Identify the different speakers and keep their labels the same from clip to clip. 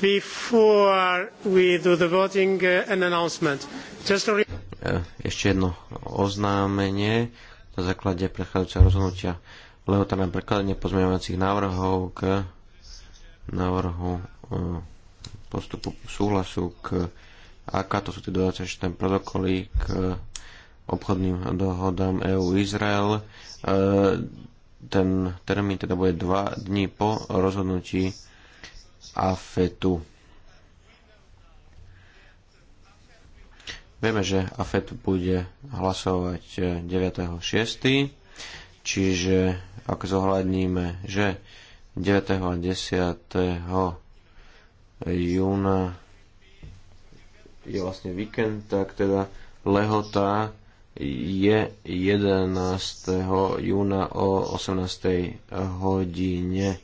Speaker 1: Before we do the voting, uh, an announcement. Just a
Speaker 2: ešte jedno oznámenie na základe prechádzajúceho rozhodnutia lehota na prekladanie pozmeňovacích návrhov k návrhu uh, postupu súhlasu k aká to sú tie dodatočné protokoly k eh, obchodným dohodám EU-Izrael. Eh, ten termín teda bude dva dní po rozhodnutí AFETu. Vieme, že AFET bude hlasovať 9.6., eh, čiže ak zohľadníme, že 9. a 10. júna je vlastne víkend, tak teda lehota je 11. júna o 18. hodine.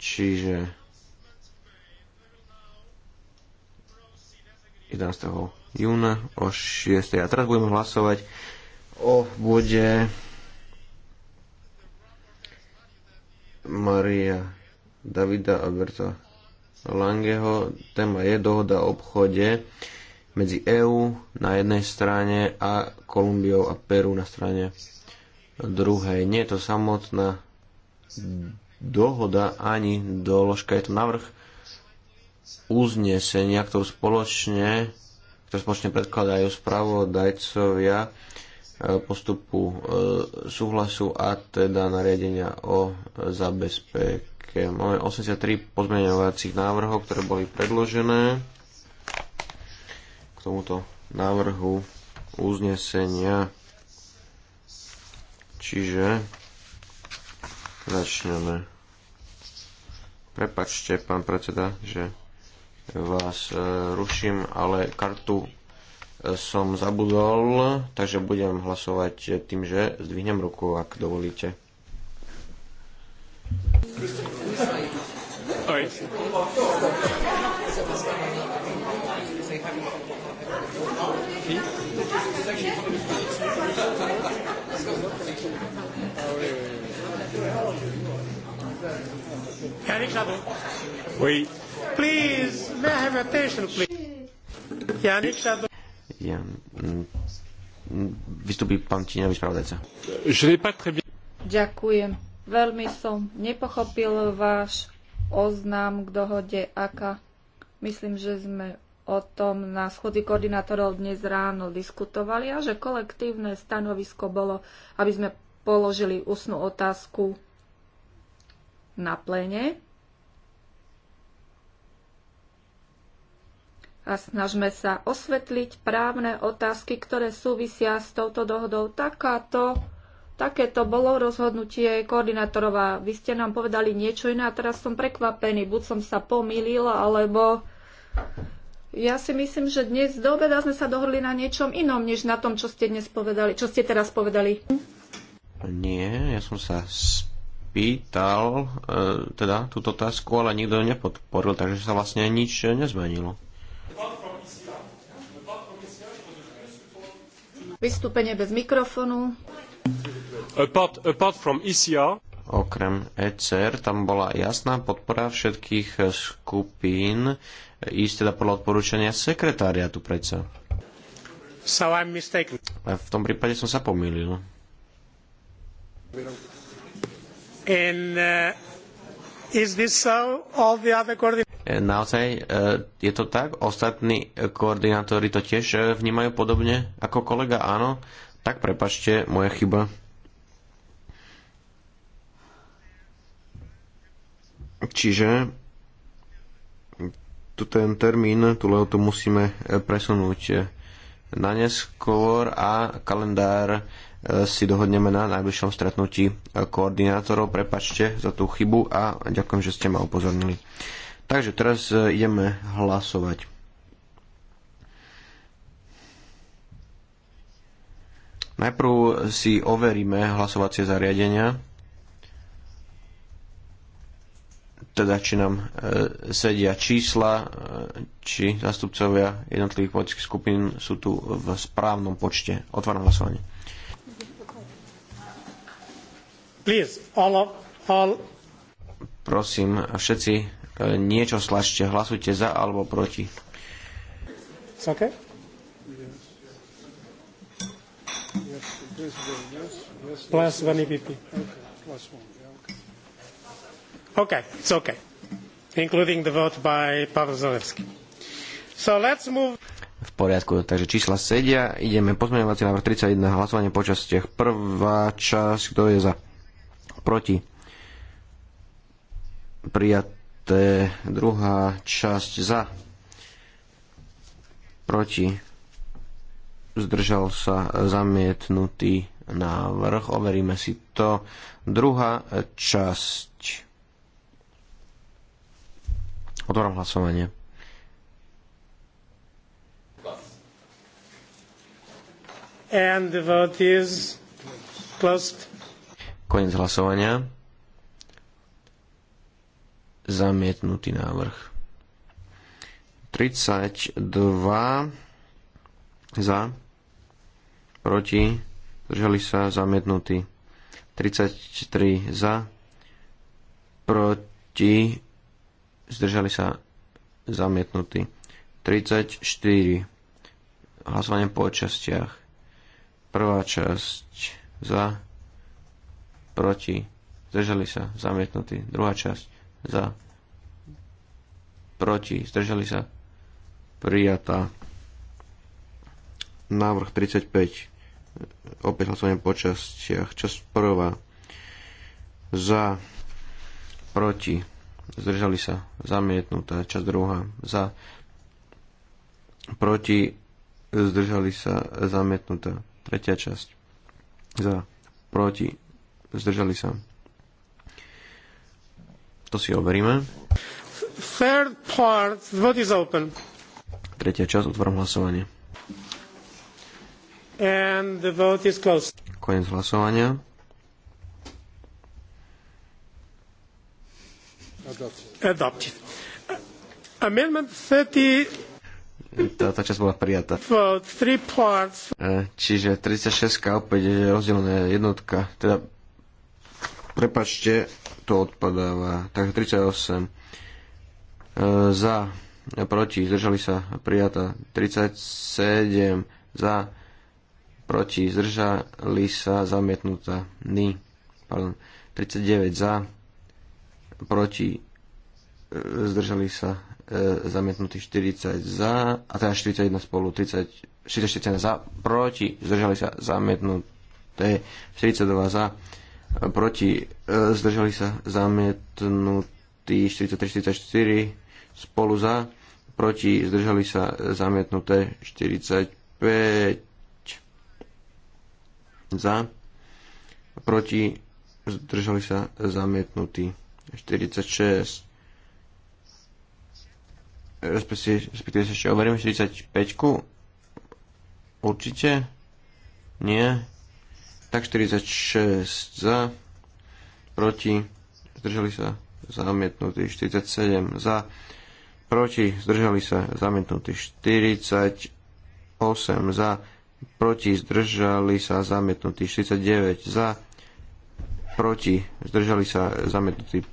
Speaker 2: Čiže 11. júna o 6. A teraz budeme hlasovať o bode Maria Davida Alberta Langeho. Téma je dohoda o obchode medzi EÚ na jednej strane a Kolumbiou a Peru na strane druhej. Nie je to samotná dohoda ani doložka, je to navrh uznesenia, ktorú spoločne, ktorú spoločne predkladajú spravodajcovia e, postupu e, súhlasu a teda nariadenia o zabezpečení také. Máme 83 pozmeňovacích návrhov, ktoré boli predložené k tomuto návrhu uznesenia. Čiže začneme. Prepačte, pán predseda, že vás e, ruším, ale kartu e, som zabudol, takže budem hlasovať tým, že zdvihnem ruku, ak dovolíte. All right. Oui.
Speaker 1: Please, may I have your attention, please? Yannick Jadot.
Speaker 2: Ja, mm, vystupí pán Číňavý spravodajca.
Speaker 3: Ďakujem Veľmi som nepochopil váš oznám k dohode AKA. Myslím, že sme o tom na schody koordinátorov dnes ráno diskutovali a že kolektívne stanovisko bolo, aby sme položili ústnu otázku na plene. A snažme sa osvetliť právne otázky, ktoré súvisia s touto dohodou. Takáto Také to bolo rozhodnutie koordinátorov a vy ste nám povedali niečo iné a teraz som prekvapený. Buď som sa pomýlil, alebo ja si myslím, že dnes do obeda sme sa dohodli na niečom inom, než na tom, čo ste dnes povedali, čo ste teraz povedali.
Speaker 2: Nie, ja som sa spýtal e, teda túto otázku, ale nikto nepodporil, takže sa vlastne nič nezmenilo.
Speaker 3: Vystúpenie bez mikrofonu.
Speaker 1: E
Speaker 2: okrem ECR, tam bola jasná podpora všetkých skupín, ísť teda podľa odporúčania sekretariatu predsa.
Speaker 1: So I'm mistaken.
Speaker 2: v tom prípade som sa pomýlil. uh,
Speaker 1: is this so? All the other
Speaker 2: e, Naozaj e, je to tak? Ostatní koordinátori to tiež vnímajú podobne ako kolega? Áno. Tak prepačte, moja chyba. Čiže tu ten termín, tu to musíme eh, presunúť eh, na neskôr a kalendár eh, si dohodneme na najbližšom stretnutí koordinátorov. Prepačte za tú chybu a ďakujem, že ste ma upozornili. Takže teraz ideme hlasovať. Najprv si overíme hlasovacie zariadenia, teda či nám e, sedia čísla, e, či zastupcovia jednotlivých politických skupín sú tu v správnom počte. Otváram hlasovanie.
Speaker 1: Please, all, all.
Speaker 2: Prosím, všetci e, niečo slažte, hlasujte za alebo proti.
Speaker 1: It's okay. Plus one EPP. Okay, it's okay, including the vote by Pavel Zalewski. So let's move...
Speaker 2: V poriadku, takže čísla sedia. Ideme pozmeňovací návrh 31, hlasovanie počas tých Prvá časť, kto je za? Proti. Prijaté. Druhá časť za. Proti zdržal sa zamietnutý návrh. Overíme si to. Druhá časť. Otváram hlasovanie.
Speaker 1: And the vote is closed.
Speaker 2: Konec hlasovania. Zamietnutý návrh. 32 za proti, zdržali sa zamietnutí. 33 za, proti, zdržali sa zamietnutí. 34. Hlasovanie po častiach. Prvá časť za, proti, zdržali sa zamietnutí. Druhá časť za, proti, zdržali sa prijatá. Návrh 35 opäť hlasovanie po častiach. Časť prvá. Za, proti, zdržali sa, zamietnutá. Čas druhá. Za, proti, zdržali sa, zamietnutá. Tretia časť. Za, proti, zdržali sa. To si overíme.
Speaker 1: Third part, vote is open.
Speaker 2: Tretia časť, otvorím hlasovanie.
Speaker 1: And the vote is closed.
Speaker 2: Koniec hlasovania.
Speaker 1: Adopted. Uh, amendment 30
Speaker 2: táto časť bola prijatá.
Speaker 1: Uh,
Speaker 2: čiže 36 opäť je rozdelená jednotka, teda prepačte, to odpadáva. Takže 38 e, uh, za, proti, zdržali sa, prijatá. 37 za, proti, zdržali sa, zamietnutá, ny, pardon, 39 za, proti, e, zdržali sa, e, zamietnutí 40 za, a teda 41 spolu, 30, 40, 41 za, proti, zdržali sa, zamietnuté, 42 za, proti, e, zdržali sa, zamietnutí 43, 44 spolu za, proti, zdržali sa, zamietnuté 45, za, proti, zdržali sa zamietnutí. 46 respektíve sa ešte overím 45 určite nie tak 46 za proti zdržali sa zamietnutí 47 za proti zdržali sa zamietnutí 48 za proti, zdržali sa zamietnutí 49 za, proti, zdržali sa zamietnutí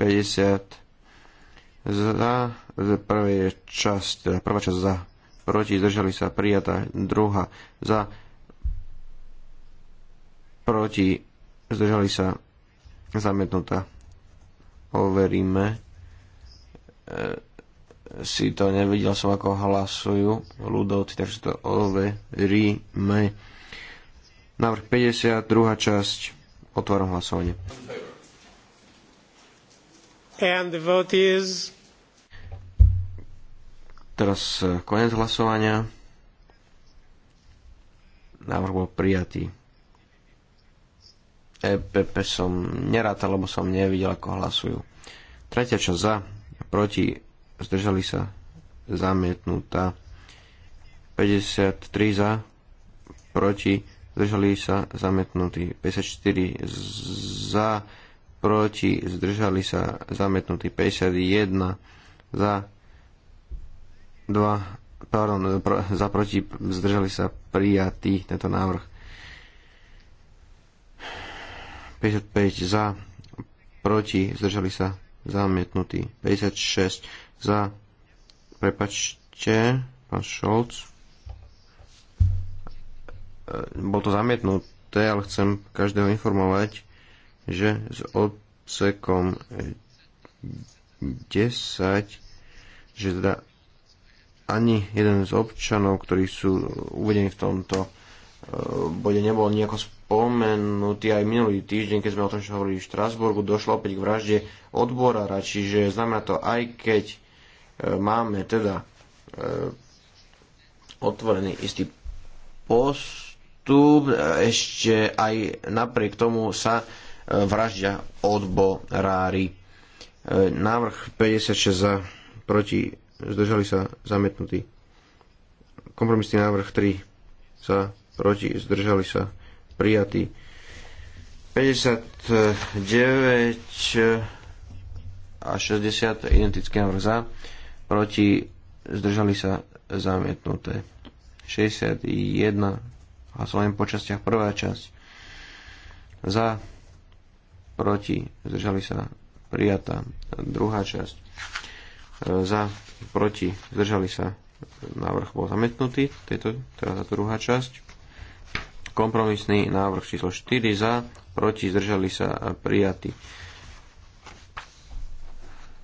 Speaker 2: 50 za, prvé časť, teda prvá časť za, proti, zdržali sa prijatá, druhá za, proti, zdržali sa zamietnutá. Overíme. E si to nevidel som, ako hlasujú ľudovci, takže to me. Návrh 50, druhá časť. Otváram hlasovanie.
Speaker 1: And the vote is...
Speaker 2: Teraz e, koniec hlasovania. Návrh bol prijatý. EPP som nerátal, lebo som nevidel, ako hlasujú. Tretia časť za, proti zdržali sa, zamietnutá. 53 za, proti, zdržali sa, zamietnutí. 54 za, proti, zdržali sa, zamietnutí. 51 za, 2, pardon, za, proti, zdržali sa, prijatý tento návrh. 55 za, proti, zdržali sa, zamietnutí. 56 za, prepačte, pán Šolc, e, bol to zamietnuté, ale chcem každého informovať, že s odsekom 10, že teda ani jeden z občanov, ktorí sú uvedení v tomto e, bode nebol nejako spomenutý aj minulý týždeň, keď sme o tom hovorili v Štrasburgu, došlo opäť k vražde odborára, čiže znamená to aj keď máme teda e, otvorený istý postup, e, ešte aj napriek tomu sa e, vraždia odborári. Návrh 56 za, proti, zdržali sa zamietnutí. Kompromisný návrh 3 za, proti, zdržali sa prijatí. 59 a 60 identický návrh za, proti, zdržali sa zamietnuté. 61 a po častiach prvá časť za, proti, zdržali sa prijatá druhá časť za, proti, zdržali sa návrh bol zamietnutý, tejto, teda tá druhá časť kompromisný návrh číslo 4 za, proti, zdržali sa prijatý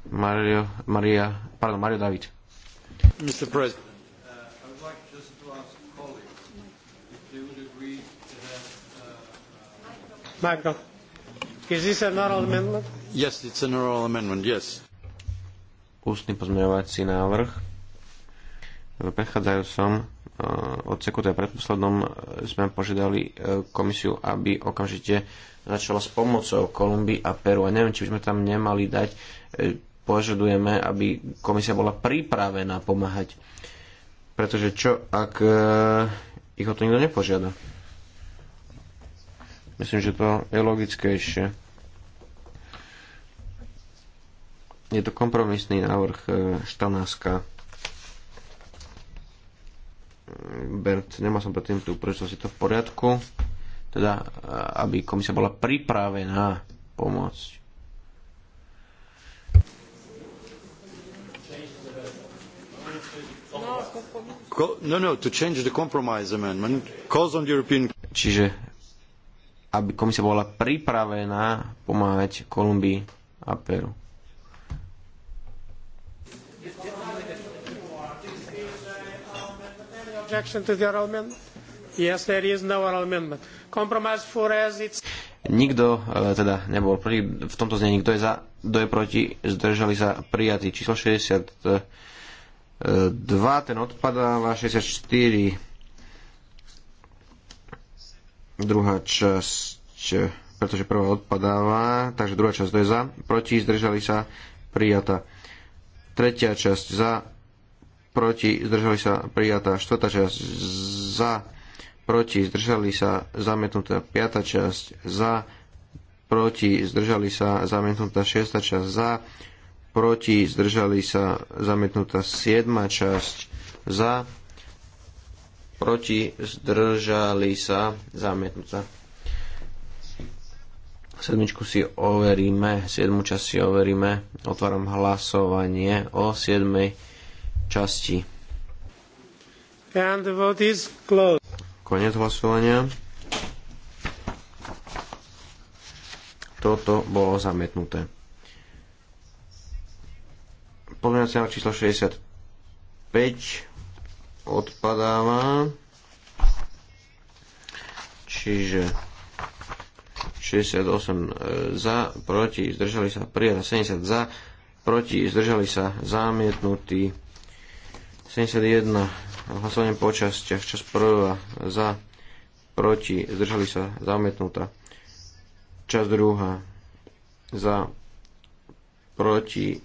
Speaker 2: Mario, Maria, pardon, Mario David.
Speaker 1: Mr. President. Uh, uh,
Speaker 2: uh,
Speaker 1: Michael, is this an oral amendment? Yes, it's an oral amendment, yes.
Speaker 2: Ústny pozmeňovací návrh. V prechádzajúcom odseku, to je predposlednom, sme požiadali komisiu, aby okamžite začala s pomocou Kolumbii a Peru. A neviem, či by sme tam nemali dať požadujeme, aby komisia bola pripravená pomáhať. Pretože čo, ak e, ich o to nikto nepožiada? Myslím, že to je logickejšie. Je to kompromisný návrh e, Štanáska. Bert, nemal som predtým tú príležitosť, je to v poriadku. Teda, e, aby komisia bola pripravená pomôcť. No, no, Čiže aby komisia bola pripravená pomáhať Kolumbii a Peru.
Speaker 1: No
Speaker 2: Nikto eh, teda nebol proti, v tomto znení, kto je za, kto je proti, zdržali sa prijatý Číslo 60 2, ten odpadáva, 64 druhá časť, pretože prvá odpadáva, takže druhá časť to je za, proti, zdržali sa, prijata. Tretia časť za, proti, zdržali sa, prijata. Štvrtá časť za, proti, zdržali sa, zamietnutá. Piatá časť za, proti, zdržali sa, zamietnutá. Šiesta časť za, proti, zdržali sa, zamietnutá 7. časť za, proti, zdržali sa, zamietnutá. Sedmičku si overíme, siedmu časť si overíme. Otváram hlasovanie o siedmej časti.
Speaker 1: And the vote is closed.
Speaker 2: Konec hlasovania. Toto bolo zamietnuté. Pozmeňovací návrh číslo 65 odpadáva. Čiže 68 e, za, proti, zdržali sa prijatá, 70 za, proti, zdržali sa zamietnutí, 71 hlasovanie počasť, čas prvá za, proti, zdržali sa zamietnutá, čas druhá za, proti,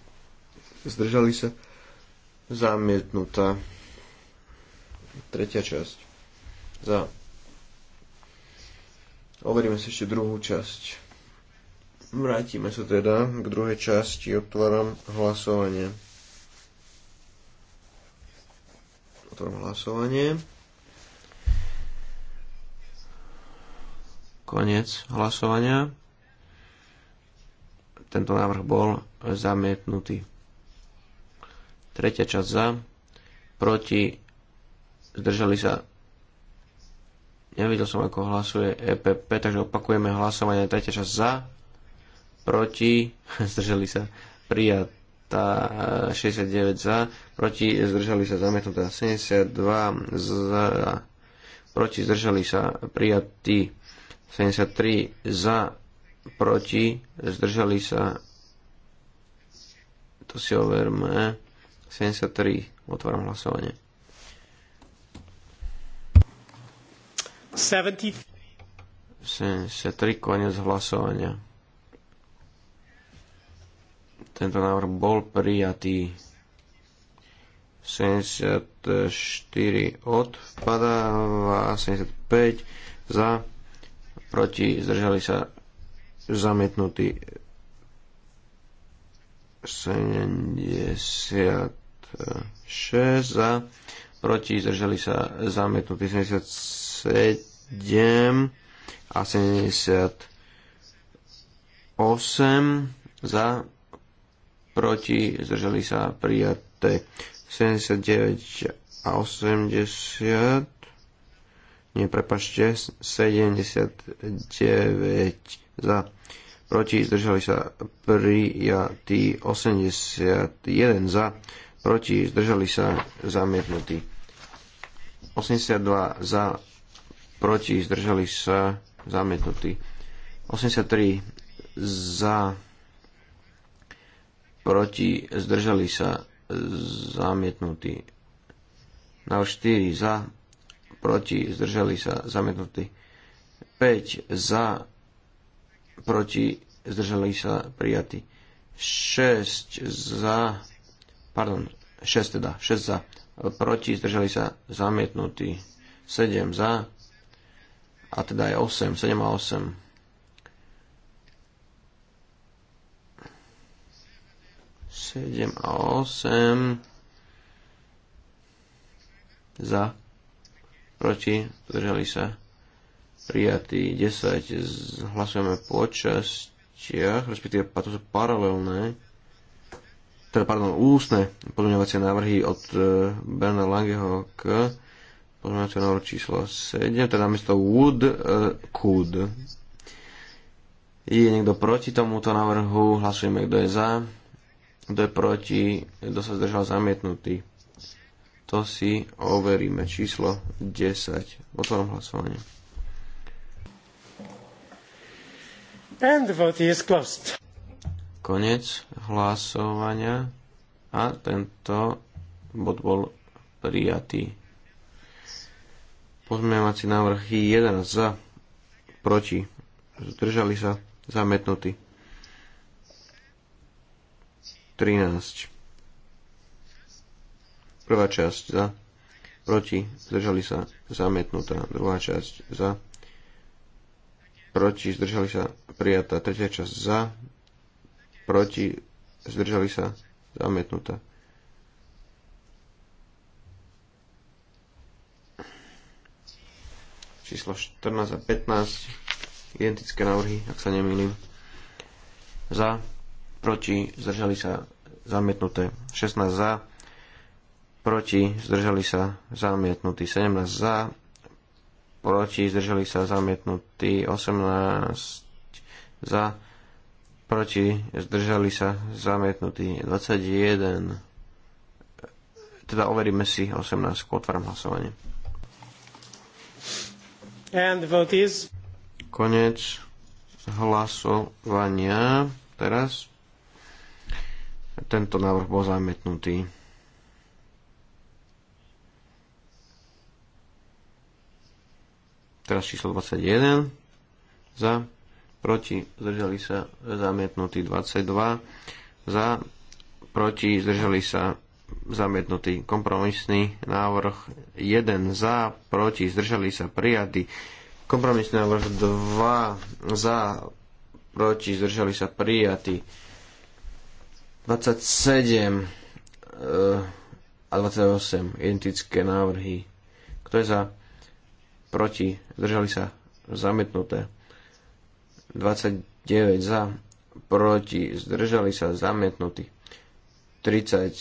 Speaker 2: zdržali sa, zamietnutá. Tretia časť. Za. Overíme si ešte druhú časť. Vrátime sa teda k druhej časti, otváram hlasovanie. Otváram hlasovanie. Konec hlasovania. Tento návrh bol zamietnutý. Tretia časť za, proti, zdržali sa. Nevidel som, ako hlasuje EPP, takže opakujeme hlasovanie. Tretia časť za, proti, zdržali sa, prijatá 69 za, proti, zdržali sa, zamietnutá 72 za, proti, zdržali sa, prijatí 73 za, proti, zdržali sa, to si overme. 73. Otváram hlasovanie. 73. Konec hlasovania. Tento návrh bol prijatý. 74 odpadáva, 75 za, proti, zdržali sa zamietnutí 70 6 za, proti zdržali sa zamietnutí 77 a 78 za, proti zdržali sa prijaté 79 a 80 nie, prepašte, 79 za proti, zdržali sa prijatí 81 za, proti, zdržali sa, zamietnutí. 82 za, proti, zdržali sa, zamietnutí. 83 za, proti, zdržali sa, zamietnutí. Na 4 za, proti, zdržali sa, zamietnutí. 5 za, proti, zdržali sa, prijatí. 6 za, pardon, 6 teda, 6 za, proti, zdržali sa zamietnutí, 7 za, a teda je 8, 7 a 8. Sedem a osem za proti zdržali sa prijatí 10 hlasujeme po častiach respektíve to sú paralelné teda pardon, ústne pozmeňovacie návrhy od e, Berna Langeho k pozmeňovacie návrhu číslo 7, teda miesto would, uh, could. Je niekto proti tomuto návrhu? Hlasujeme, kto je za. Kto je proti? Kto sa zdržal zamietnutý? To si overíme. Číslo 10. Otvorom hlasovanie.
Speaker 1: And the vote is closed.
Speaker 2: Konec hlasovania a tento bod bol prijatý. Pozmeňovací návrh 1 za, proti, zdržali sa, zametnutý. 13. Prvá časť za, proti, zdržali sa, zametnutá, Druhá časť za, proti, zdržali sa, prijatá. Tretia časť za, proti, zdržali sa, zamietnutá. Číslo 14 a 15, identické návrhy, ak sa nemýlim. Za, proti, zdržali sa, zamietnuté. 16 za, proti, zdržali sa, zamietnutí. 17 za, proti, zdržali sa, zamietnutí. 18 za, proti, zdržali sa, zamietnutí 21. Teda overíme si 18, otváram hlasovanie.
Speaker 1: And the vote is...
Speaker 2: Konec hlasovania. Teraz tento návrh bol zamietnutý. Teraz číslo 21 za proti, zdržali sa zamietnutí 22, za, proti, zdržali sa zamietnutý kompromisný návrh 1 za, proti, zdržali sa prijatý. Kompromisný návrh 2 za, proti, zdržali sa prijatý. 27 eh, a 28 identické návrhy. Kto je za? Proti, zdržali sa zamietnuté. 29 za, proti, zdržali sa zamietnutí. 30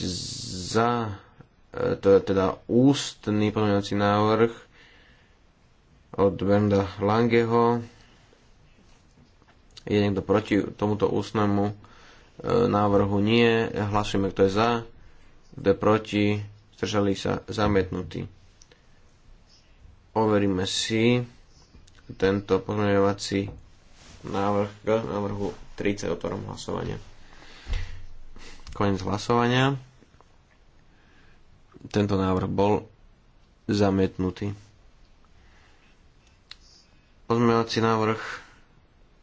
Speaker 2: za, e, to je teda ústny pozmeňovací návrh od Benda Langeho. Je niekto proti tomuto ústnemu e, návrhu? Nie. Hlasujeme, kto je za, kto je proti, zdržali sa zamietnutí. Overíme si tento pozmeňovací Návrh k návrhu 30 ktorom hlasovania. Konec hlasovania. Tento návrh bol zamietnutý. Pozmeňovací návrh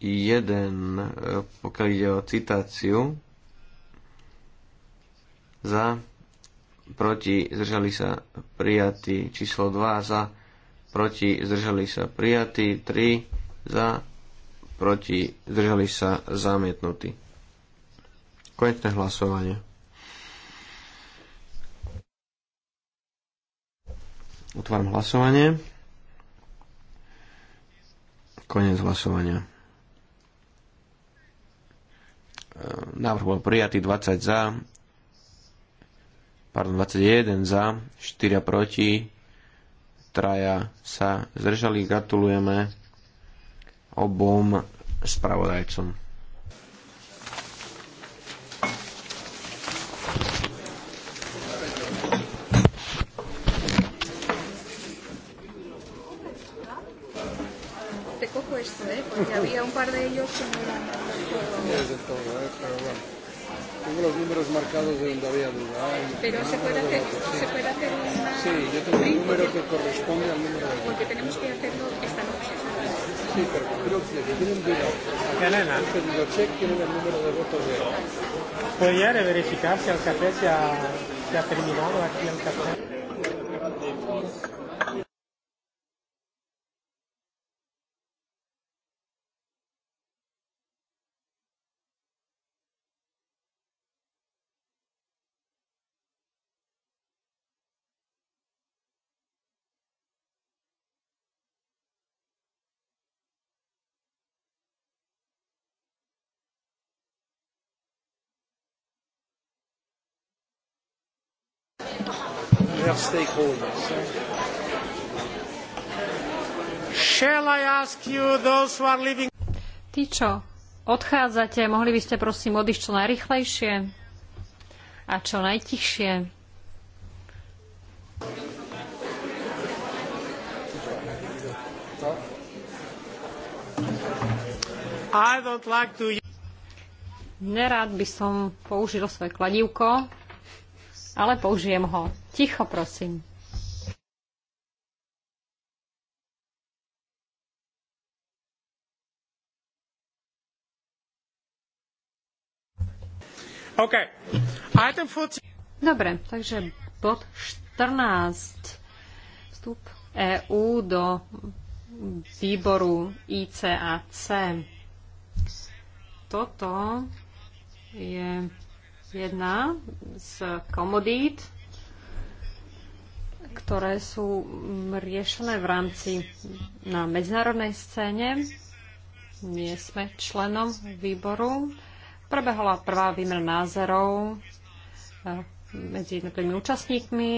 Speaker 2: 1, pokiaľ ide o citáciu, za, proti, zdržali sa prijatí, číslo 2, za, proti, zdržali sa prijatí, 3, za, proti, zdržali sa, zamietnutí. Konečné hlasovanie. Otváram hlasovanie. Konec hlasovania. E, návrh bol prijatý 20 za, pardon, 21 za, 4 proti, traja sa zdržali, gratulujeme obom spravodajcom. ¿eh? No ¿eh? tengo los números marcados de donde había duda. No, Pero se no, puede hacer, se puede
Speaker 3: hacer una... Sí,
Speaker 2: yo tengo un número que corresponde al número de...
Speaker 4: Porque tenemos que hacerlo
Speaker 2: tienen dudas. Ganana. Pedido check, tienen el número de votos de.
Speaker 1: ¿Podría verificar si Alcatraz ya, se ha terminado aquí Alcatraz? other stakeholders.
Speaker 4: Shall I ask you those who are leaving? Tí, čo odchádzate, mohli by ste prosím odísť čo najrychlejšie a čo najtichšie. I don't like to... Nerád by som použil svoje kladívko, ale použijem ho. Ticho, prosím. Okay. Item 14. Dobre, takže bod 14. Vstup EU do výboru ICAC. Toto je jedna z komodít, ktoré sú mm, riešené v rámci na medzinárodnej scéne. Nie sme členom výboru. Prebehla prvá výmena názorov eh, medzi jednotlivými účastníkmi.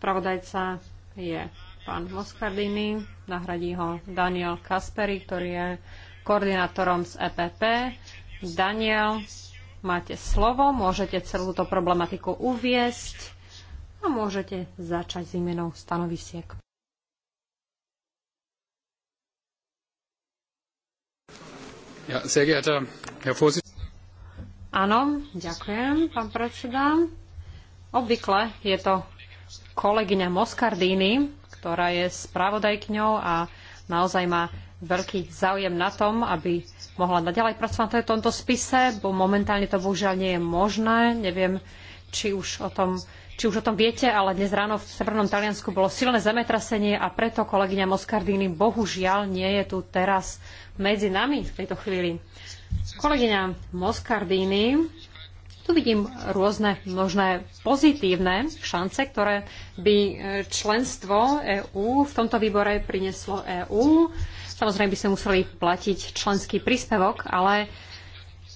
Speaker 4: Spravodajca je pán Moscardini, nahradí ho Daniel Kasperi, ktorý je koordinátorom z EPP. Daniel Máte slovo, môžete celú túto problematiku uviesť a môžete začať s imenou stanovisiek.
Speaker 1: Ja, sehr geehrter Herr Vorsitzender.
Speaker 4: Áno, ďakujem, pán predseda. Obvykle je to kolegyňa Moscardini, ktorá je spravodajkňou a naozaj má veľký záujem na tom, aby mohla naďalej pracovať na tomto spise, bo momentálne to bohužiaľ nie je možné. Neviem, či už o tom, či už o tom viete, ale dnes ráno v Severnom Taliansku bolo silné zemetrasenie a preto kolegyňa Moscardini bohužiaľ nie je tu teraz medzi nami v tejto chvíli. Kolegyňa Moscardini tu vidím rôzne možné pozitívne šance, ktoré by e, členstvo EÚ v tomto výbore prinieslo EÚ. Samozrejme by sme museli platiť členský príspevok, ale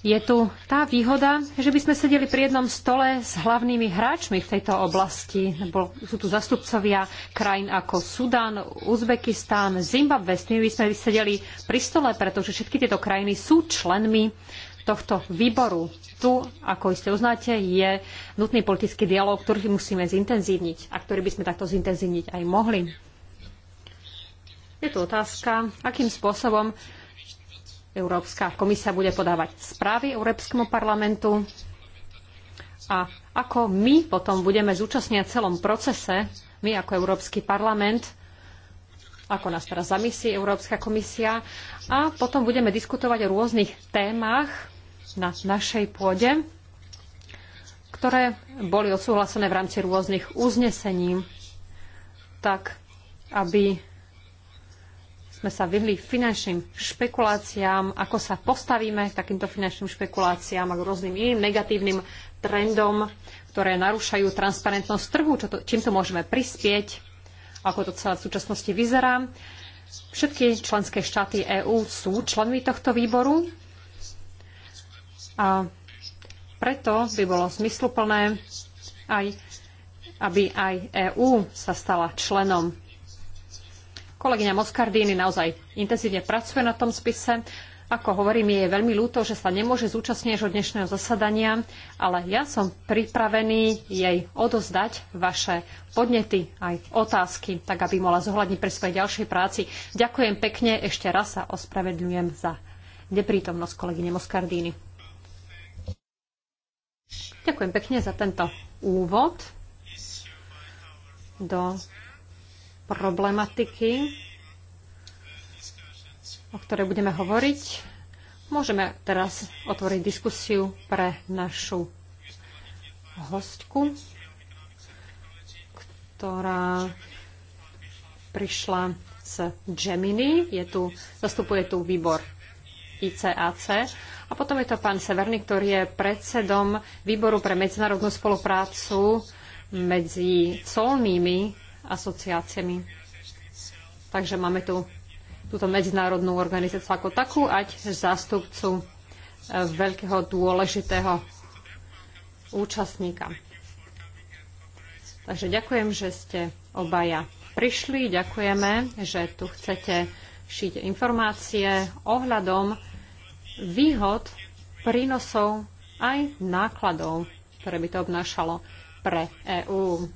Speaker 4: je tu tá výhoda, že by sme sedeli pri jednom stole s hlavnými hráčmi v tejto oblasti. Bo sú tu zastupcovia krajín ako Sudan, Uzbekistán, Zimbabwe. S tými by sme sedeli pri stole, pretože všetky tieto krajiny sú členmi tohto výboru. Tu, ako iste uznáte, je nutný politický dialog, ktorý musíme zintenzívniť a ktorý by sme takto zintenzívniť aj mohli. Je tu otázka, akým spôsobom Európska komisia bude podávať správy Európskemu parlamentu a ako my potom budeme zúčastniať v celom procese, my ako Európsky parlament, ako nás teraz zamyslí Európska komisia a potom budeme diskutovať o rôznych témach na našej pôde, ktoré boli odsúhlasené v rámci rôznych uznesení, tak aby sme sa vyhli finančným špekuláciám, ako sa postavíme k takýmto finančným špekuláciám a k rôznym iným negatívnym trendom, ktoré narúšajú transparentnosť trhu, čo to, čím to môžeme prispieť, ako to celé v súčasnosti vyzerá. Všetky členské štáty EÚ sú členmi tohto výboru a preto by bolo zmysluplné aj aby aj EÚ sa stala členom Kolegyňa Moscardini naozaj intenzívne pracuje na tom spise. Ako hovorím, je veľmi ľúto, že sa nemôže zúčastniť od dnešného zasadania, ale ja som pripravený jej odozdať vaše podnety aj otázky, tak aby mohla zohľadniť pre svojej ďalšej práci. Ďakujem pekne, ešte raz sa ospravedľujem za neprítomnosť kolegyne Moscardini. Ďakujem pekne za tento úvod do problematiky, o ktorej budeme hovoriť. Môžeme teraz otvoriť diskusiu pre našu hostku, ktorá prišla z Gemini. Je tu, zastupuje tu výbor ICAC. A potom je to pán Severný, ktorý je predsedom výboru pre medzinárodnú spoluprácu medzi colnými asociáciami. Takže máme tu túto medzinárodnú organizáciu ako takú, ať zástupcu e, veľkého dôležitého účastníka. Takže ďakujem, že ste obaja prišli. Ďakujeme, že tu chcete šiť informácie ohľadom výhod, prínosov aj nákladov, ktoré by to obnášalo pre EÚ.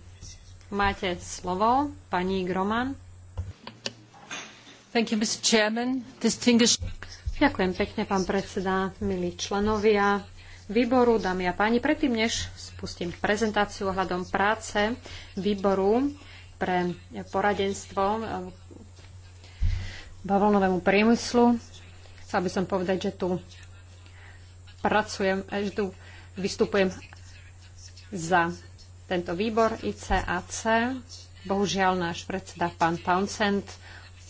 Speaker 4: Máte slovo, pani Groman. You, Distinguished... Ďakujem pekne, pán predseda, milí členovia výboru, dámy a páni. Predtým, než spustím prezentáciu ohľadom práce výboru pre poradenstvo bavlnovému priemyslu, chcela by som povedať, že tu pracujem, že tu vystupujem za tento výbor ICAC. Bohužiaľ náš predseda pán Townsend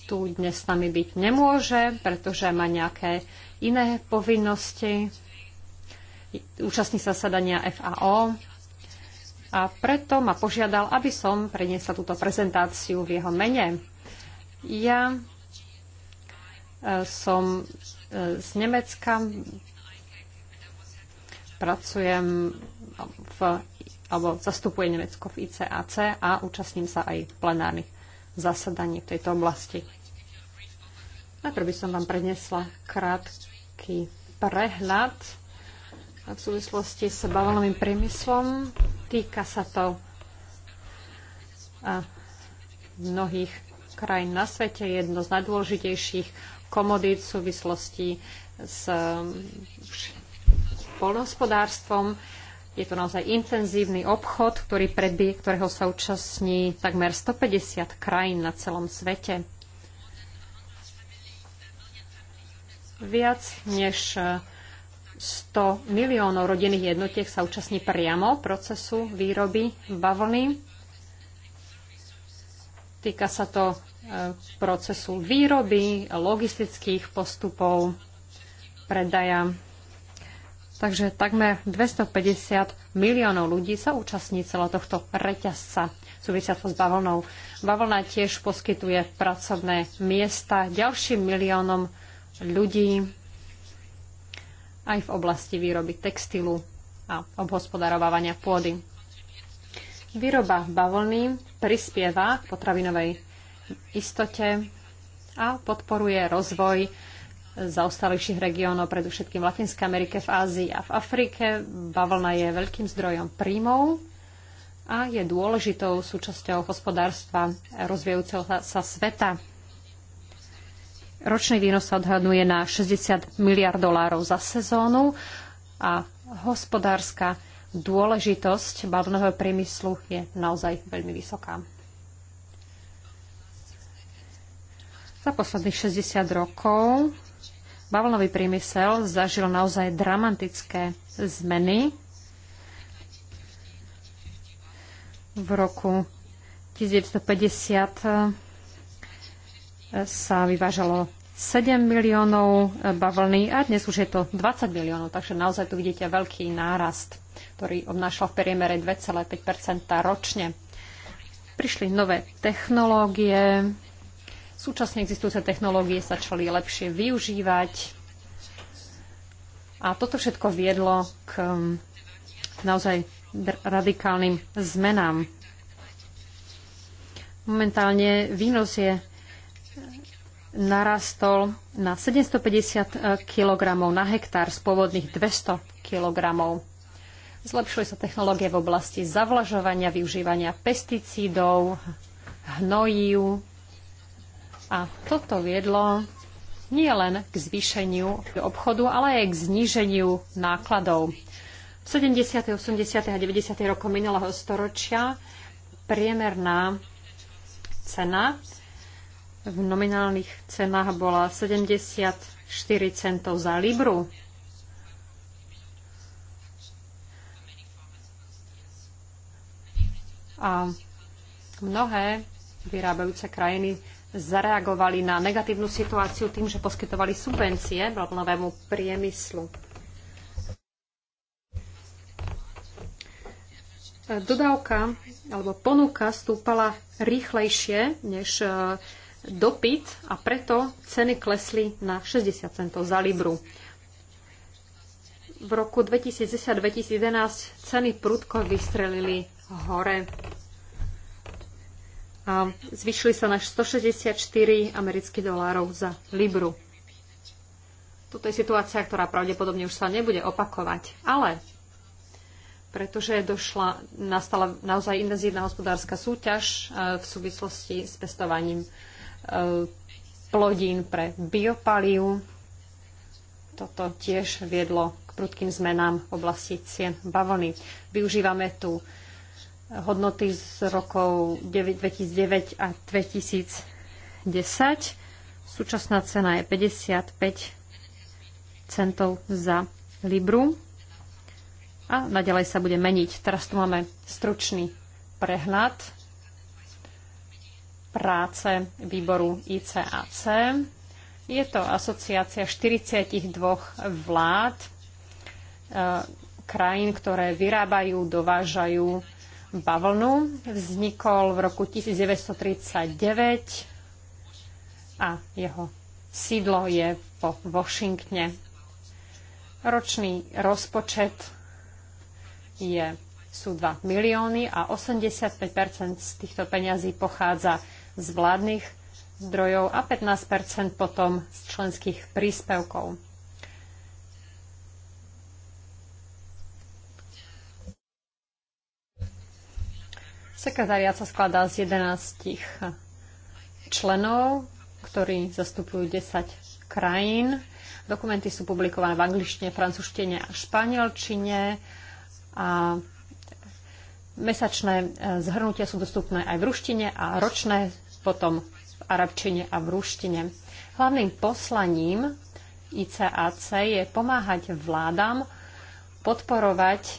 Speaker 4: tu dnes s nami byť nemôže, pretože má nejaké iné povinnosti. Účastní sa sadania FAO a preto ma požiadal, aby som preniesla túto prezentáciu v jeho mene. Ja e, som e, z Nemecka, pracujem v alebo zastupuje Nemecko v ICAC a účastním sa aj plenárnych zasadaní v tejto oblasti. Najprv by som vám prednesla krátky prehľad v súvislosti s bavlnovým priemyslom. Týka sa to mnohých krajín na svete. Jedno z najdôležitejších komodít v súvislosti s um, polnohospodárstvom. Je to naozaj intenzívny obchod, ktorý predby, ktorého sa účastní takmer 150 krajín na celom svete. Viac než 100 eh, miliónov rodinných jednotiek sa účastní priamo procesu výroby bavlny. Týka sa to eh, procesu výroby, logistických postupov, predaja Takže takmer 250 miliónov ľudí sa účastní celého tohto reťazca súvisia s bavlnou. Bavlna tiež poskytuje pracovné miesta ďalším miliónom ľudí aj v oblasti výroby textilu a obhospodarovávania pôdy. Výroba bavlny prispieva k potravinovej istote a podporuje rozvoj zaostalejších regiónov, predovšetkým v Latinskej Amerike, v Ázii a v Afrike. Bavlna je veľkým zdrojom príjmov a je dôležitou súčasťou hospodárstva rozvíjajúceho sa sveta. Ročný výnos sa odhaduje na 60 miliard dolárov za sezónu a hospodárska dôležitosť bavlného priemyslu je naozaj veľmi vysoká. Za posledných 60 rokov bavlnový priemysel zažil naozaj dramatické zmeny. V roku 1950 eh, sa vyvážalo 7 miliónov eh, bavlny a dnes už je to 20 miliónov, takže naozaj tu vidíte veľký nárast, ktorý obnášal v priemere 2,5 ročne. Prišli nové technológie, Súčasne existujúce technológie čali lepšie využívať a toto všetko viedlo k um, naozaj radikálnym zmenám. Momentálne výnos je eh, narastol na 750 eh, kg na hektár z pôvodných 200 kg. Zlepšili sa technológie v oblasti zavlažovania, využívania pesticídov, hnojív, a toto viedlo nie len k zvýšeniu obchodu, ale aj k zníženiu nákladov. V 70., 80. a 90. rokoch minulého storočia priemerná cena v nominálnych cenách bola 74 centov za libru. A mnohé vyrábajúce krajiny zareagovali na negatívnu situáciu tým, že poskytovali subvencie novému priemyslu. Dodávka alebo ponuka stúpala rýchlejšie než e, dopyt a preto ceny klesli na 60 centov za libru. V roku 2010-2011 ceny prudko vystrelili hore a zvyšili sa na 164 amerických dolárov za libru. Toto je situácia, ktorá pravdepodobne už sa nebude opakovať, ale pretože došla, nastala naozaj intenzívna hospodárska súťaž e, v súvislosti s pestovaním e, plodín pre biopaliu. Toto tiež viedlo k prudkým zmenám v oblasti cien bavlny. Využívame tu hodnoty z rokov 2009 a 2010. Súčasná cena je 55 centov za libru a naďalej sa bude meniť. Teraz tu máme stručný prehľad práce výboru ICAC. Je to asociácia 42 vlád, e, krajín, ktoré vyrábajú, dovážajú bavlnu. Vznikol v roku 1939 a jeho sídlo je po Washingtone. Ročný rozpočet je, sú 2 milióny a 85 z týchto peňazí pochádza z vládnych zdrojov a 15 potom z členských príspevkov. Sekretariat sa skladá z 11 členov, ktorí zastupujú 10 krajín. Dokumenty sú publikované v angličtine, francúzštine a španielčine a mesačné e, zhrnutia sú dostupné aj v ruštine a ročné potom v arabčine a v ruštine. Hlavným poslaním ICAC je pomáhať vládam podporovať e,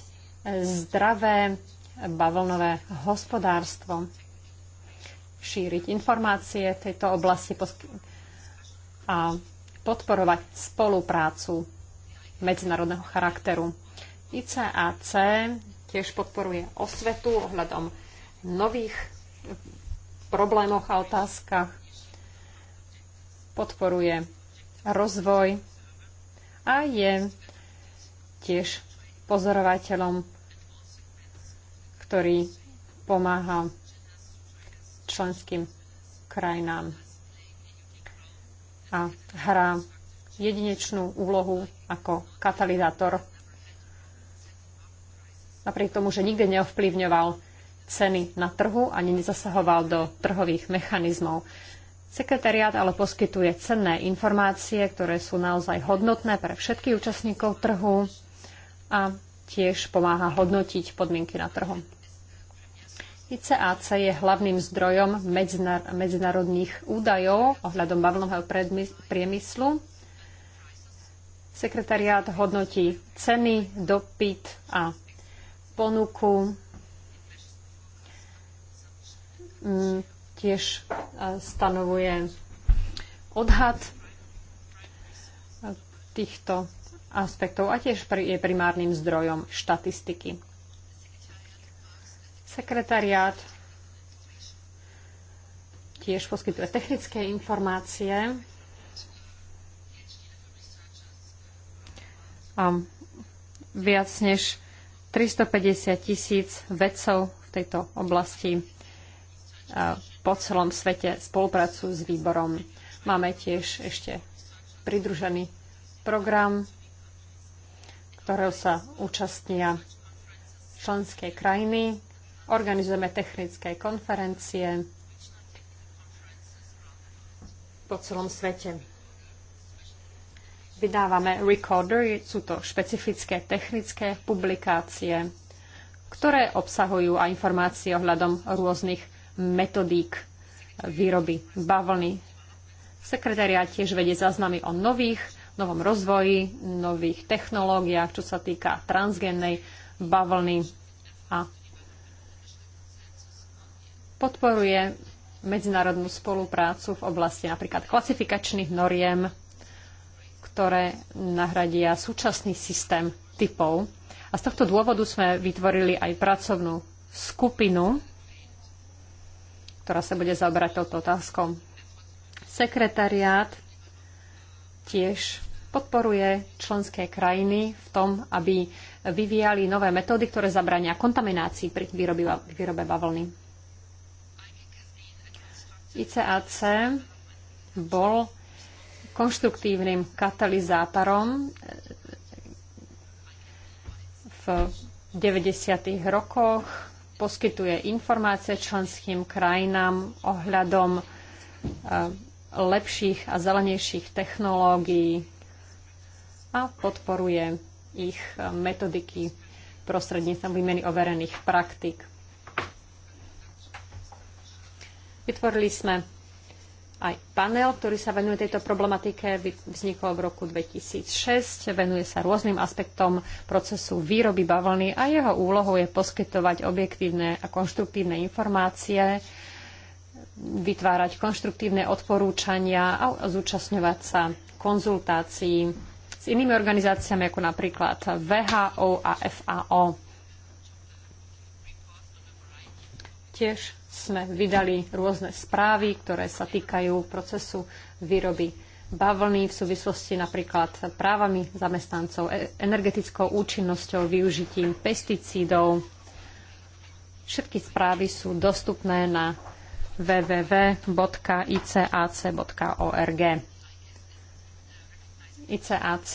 Speaker 4: zdravé bavlnové hospodárstvo, šíriť informácie v tejto oblasti a podporovať spoluprácu medzinárodného charakteru. ICAC tiež podporuje osvetu ohľadom nových problémoch a otázkach, podporuje rozvoj a je tiež pozorovateľom ktorý pomáha členským krajinám a hrá jedinečnú úlohu ako katalizátor. Napriek tomu, že nikde neovplyvňoval ceny na trhu ani nezasahoval do trhových mechanizmov. Sekretariát ale poskytuje cenné informácie, ktoré sú naozaj hodnotné pre všetkých účastníkov trhu a tiež pomáha hodnotiť podmienky na trhu. ICAC je hlavným zdrojom medzinárodných údajov ohľadom bavlného priemyslu. Sekretariát hodnotí ceny, dopyt a ponuku. Mm, tiež e, stanovuje odhad týchto aspektov a tiež je primárnym zdrojom štatistiky. Sekretariát tiež poskytuje technické informácie. A viac než 350 tisíc vedcov v tejto oblasti po celom svete spolupracujú s výborom. Máme tiež ešte pridružený program, ktorého sa účastnia členské krajiny Organizujeme technické konferencie po celom svete. Vydávame recorder, sú to špecifické technické publikácie, ktoré obsahujú aj informácie ohľadom rôznych metodík výroby bavlny. Sekretariat tiež vedie záznamy o nových, novom rozvoji, nových technológiách, čo sa týka transgennej bavlny a podporuje medzinárodnú spoluprácu v oblasti napríklad klasifikačných noriem, ktoré nahradia súčasný systém typov. A z tohto dôvodu sme vytvorili aj pracovnú skupinu, ktorá sa bude zaoberať touto otázkou. Sekretariát tiež podporuje členské krajiny v tom, aby vyvíjali nové metódy, ktoré zabrania kontaminácii pri výrobe, výrobe bavlny. ICAC bol konštruktívnym katalizátorom eh, v 90. rokoch, poskytuje informácie členským krajinám ohľadom eh, lepších a zelenejších technológií a podporuje ich eh, metodiky prostredníctvom výmeny overených praktik. Vytvorili sme aj panel, ktorý sa venuje tejto problematike, vznikol v roku 2006, venuje sa rôznym aspektom procesu výroby bavlny a jeho úlohou je poskytovať objektívne a konštruktívne informácie, vytvárať konštruktívne odporúčania a zúčastňovať sa konzultácií s inými organizáciami ako napríklad VHO a FAO. Tiež sme vydali rôzne správy, ktoré sa týkajú procesu výroby bavlny v súvislosti napríklad s právami zamestnancov, e- energetickou účinnosťou, využitím pesticídov. Všetky správy sú dostupné na www.icac.org. ICAC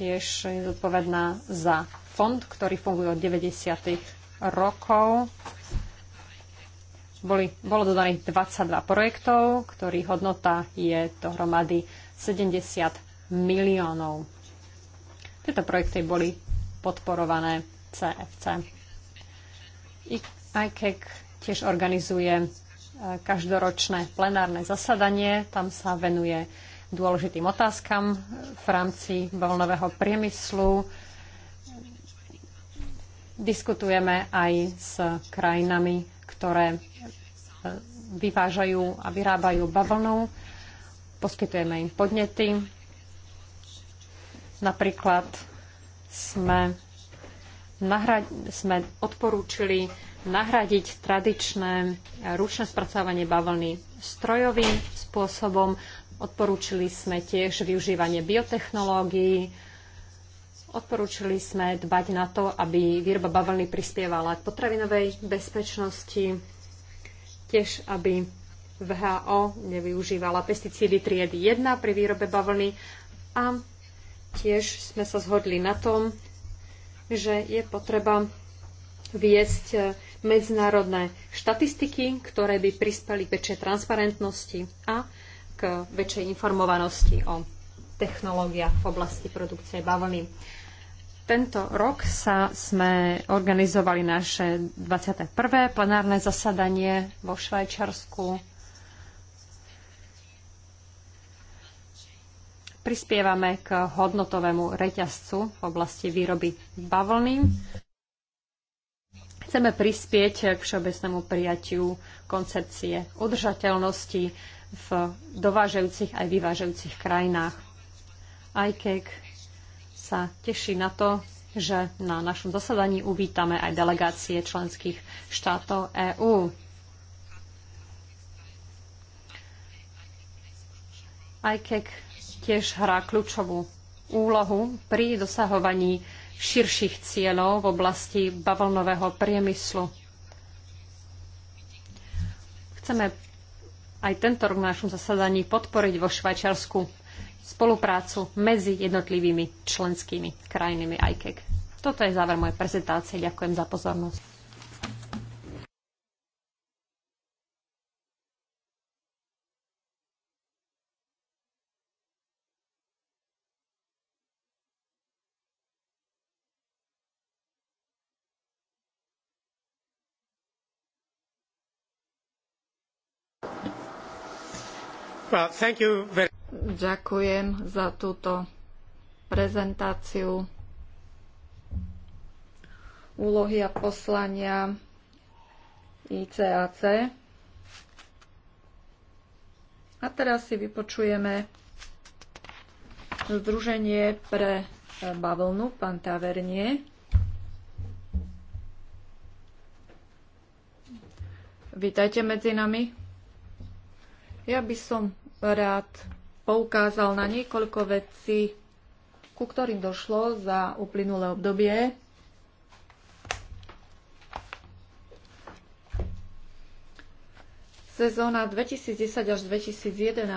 Speaker 4: tiež je zodpovedná za fond, ktorý funguje od 90. rokov. Boli, bolo dodaných 22 projektov, ktorých hodnota je dohromady 70 miliónov. Tieto projekty boli podporované CFC. ICAC e tiež organizuje eh, každoročné plenárne zasadanie. Tam sa venuje dôležitým otázkam v rámci voľnového priemyslu. Diskutujeme aj s krajinami, ktoré e, vyvážajú a vyrábajú bavlnu. Poskytujeme im podnety. Napríklad sme, sme odporúčili nahradiť tradičné ručné spracovanie bavlny strojovým spôsobom Odporúčili sme tiež využívanie biotechnológií. Odporúčili sme dbať na to, aby výroba bavlny prispievala k potravinovej bezpečnosti. Tiež, aby VHO nevyužívala pesticídy triedy 1 pri výrobe bavlny a tiež sme sa zhodli na tom, že je potreba viesť e, medzinárodné štatistiky, ktoré by prispeli k väčšej transparentnosti a k väčšej informovanosti o technológiách v oblasti produkcie bavlny. Tento rok sa sme organizovali naše 21. plenárne zasadanie vo Švajčarsku. Prispievame k hodnotovému reťazcu v oblasti výroby bavlny chceme prispieť k všeobecnému prijatiu koncepcie udržateľnosti v dovážajúcich aj vyvážajúcich krajinách. ICAC sa teší na to, že na našom zasadaní uvítame aj delegácie členských štátov EÚ. ICAC tiež hrá kľúčovú úlohu pri dosahovaní širších cieľov v oblasti bavlnového priemyslu. Chceme aj tento rok na našom zasadaní podporiť vo Švajčiarsku spoluprácu medzi jednotlivými členskými krajinami ICAC. E Toto je záver mojej prezentácie. Ďakujem za pozornosť.
Speaker 1: Ďakujem
Speaker 3: za túto prezentáciu úlohy a poslania ICAC. A teraz si vypočujeme Združenie pre e, bavlnu, pán Tavernie. Vítajte medzi nami. Ja by som rád poukázal na niekoľko vecí, ku ktorým došlo za uplynulé obdobie. Sezóna 2010 až 2011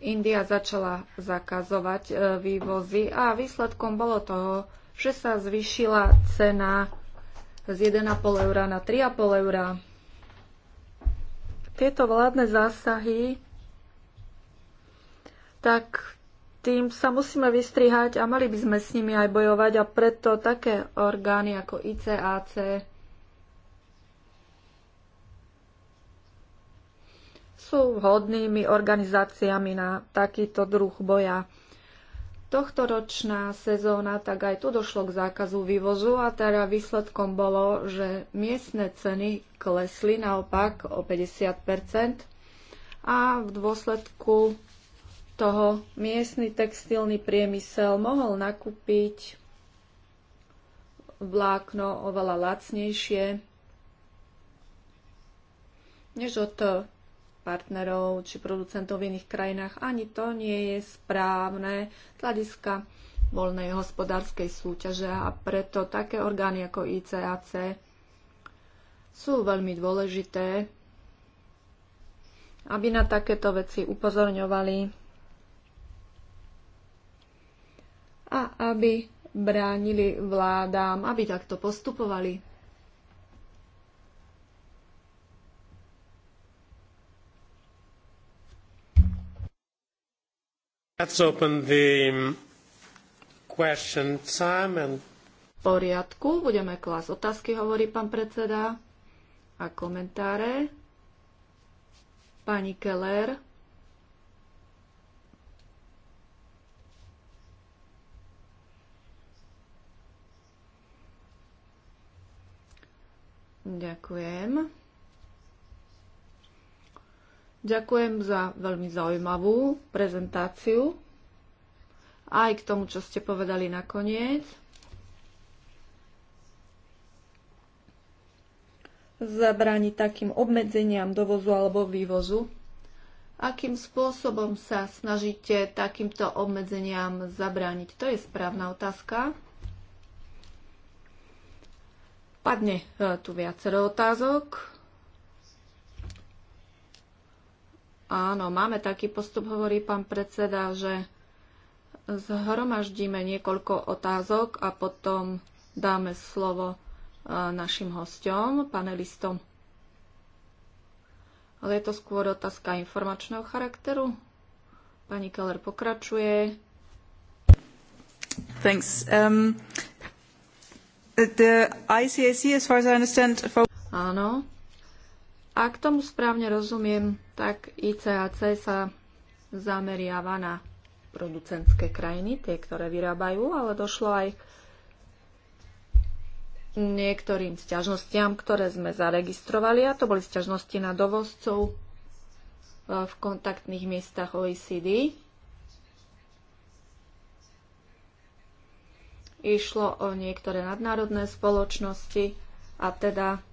Speaker 3: India začala zakazovať e, vývozy a výsledkom bolo toho, že sa zvýšila cena z 1,5 eura na 3,5 eura tieto vládne zásahy, tak tým sa musíme vystrihať a mali by sme s nimi aj bojovať a preto také orgány ako ICAC sú vhodnými organizáciami na takýto druh boja tohtoročná sezóna, tak aj tu došlo k zákazu vývozu a teda výsledkom bolo, že miestne ceny klesli naopak o 50 a v dôsledku toho miestny textilný priemysel mohol nakúpiť vlákno oveľa lacnejšie než od partnerov či producentov v iných krajinách. Ani to nie je správne z hľadiska voľnej hospodárskej súťaže a preto také orgány ako ICAC sú veľmi dôležité, aby na takéto veci upozorňovali a aby bránili vládám, aby takto postupovali.
Speaker 1: Um, v
Speaker 3: poriadku, budeme klas otázky, hovorí pán predseda, a komentáre. Pani Keller. Ďakujem. Ďakujem za veľmi zaujímavú prezentáciu. Aj k tomu, čo ste povedali nakoniec. Zabráni takým obmedzeniam dovozu alebo vývozu. Akým spôsobom sa snažíte takýmto obmedzeniam zabrániť? To je správna otázka. Padne eh, tu viacero otázok. Áno, máme taký postup, hovorí pán predseda, že zhromaždíme niekoľko otázok a potom dáme slovo e, našim hostom, panelistom. Ale je to skôr otázka informačného charakteru. Pani Keller pokračuje. Thanks. Um, the ICAC, as far as I understand, for... Áno, ak tomu správne rozumiem, tak ICAC sa zameriava na producentské krajiny, tie, ktoré vyrábajú, ale došlo aj niektorým sťažnostiam, ktoré sme zaregistrovali, a to boli sťažnosti na dovozcov e, v kontaktných miestach OECD. Išlo o niektoré nadnárodné spoločnosti a teda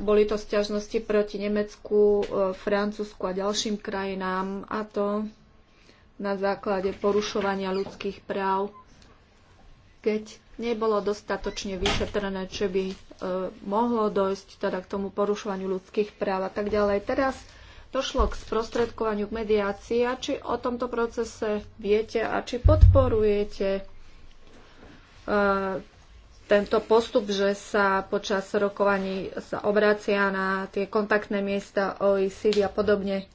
Speaker 3: boli to sťažnosti proti Nemecku, e, Francúzsku a ďalším krajinám a to na základe porušovania ľudských práv, keď nebolo dostatočne vyšetrené, čo by e, mohlo dojsť teda k tomu porušovaniu ľudských práv a tak ďalej. Teraz došlo k sprostredkovaniu k mediácii a či o tomto procese viete a či podporujete e, tento postup, že sa počas rokovaní sa obracia na tie kontaktné miesta OECD a podobne.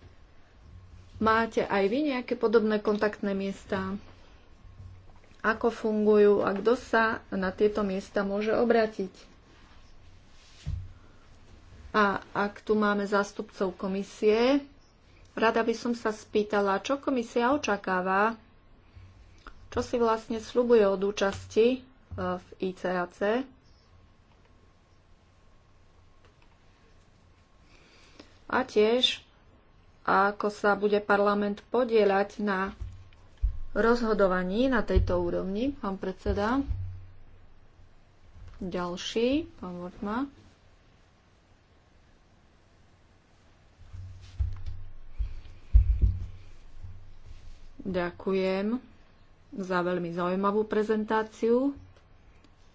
Speaker 3: Máte aj vy nejaké podobné kontaktné miesta? Ako fungujú a kto sa na tieto miesta môže obratiť? A ak tu máme zástupcov komisie, rada by som sa spýtala, čo komisia očakáva, čo si vlastne slubuje od účasti v ICAC. A tiež, ako sa bude parlament podielať na rozhodovaní na tejto úrovni, pán predseda. Ďalší, pán Vortma. Ďakujem za veľmi zaujímavú prezentáciu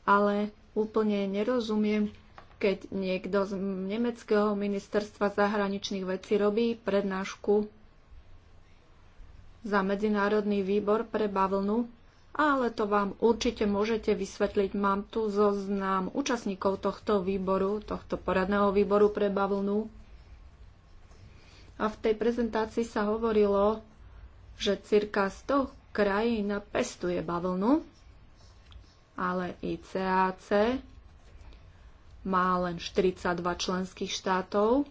Speaker 3: ale úplne nerozumiem, keď niekto z nemeckého ministerstva zahraničných vecí robí prednášku za Medzinárodný výbor pre bavlnu, ale to vám určite môžete vysvetliť. Mám tu zoznam účastníkov tohto výboru, tohto poradného výboru pre bavlnu. A v tej prezentácii sa hovorilo, že cirka 100 krajín pestuje bavlnu ale i CAC má len 42 členských štátov,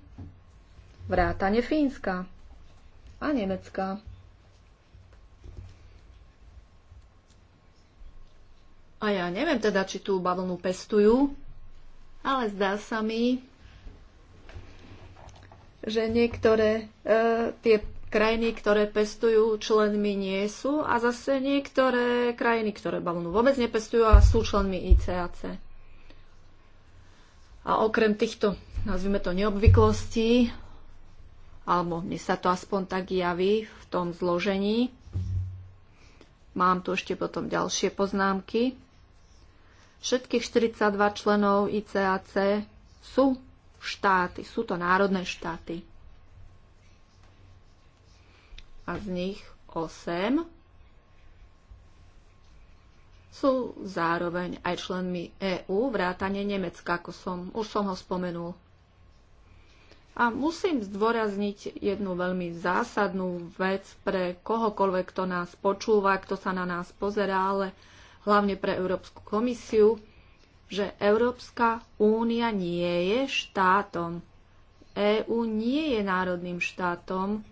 Speaker 3: vrátane Fínska a Nemecka. A ja neviem teda, či tú bavlnu pestujú, ale zdá sa mi, že niektoré e, tie krajiny, ktoré pestujú, členmi nie sú a zase niektoré krajiny, ktoré balónu vôbec nepestujú a sú členmi ICAC. A okrem týchto, nazvime to, neobvyklostí, alebo mne sa to aspoň tak javí v tom zložení, mám tu ešte potom ďalšie poznámky, všetkých 42 členov ICAC sú štáty, sú to národné štáty a z nich 8 sú zároveň aj členmi EÚ, vrátane Nemecka, ako som, už som ho spomenul. A musím zdôrazniť jednu veľmi zásadnú vec pre kohokoľvek, kto nás počúva, kto sa na nás pozerá, ale hlavne pre Európsku komisiu, že Európska únia nie je štátom. EÚ nie je národným štátom,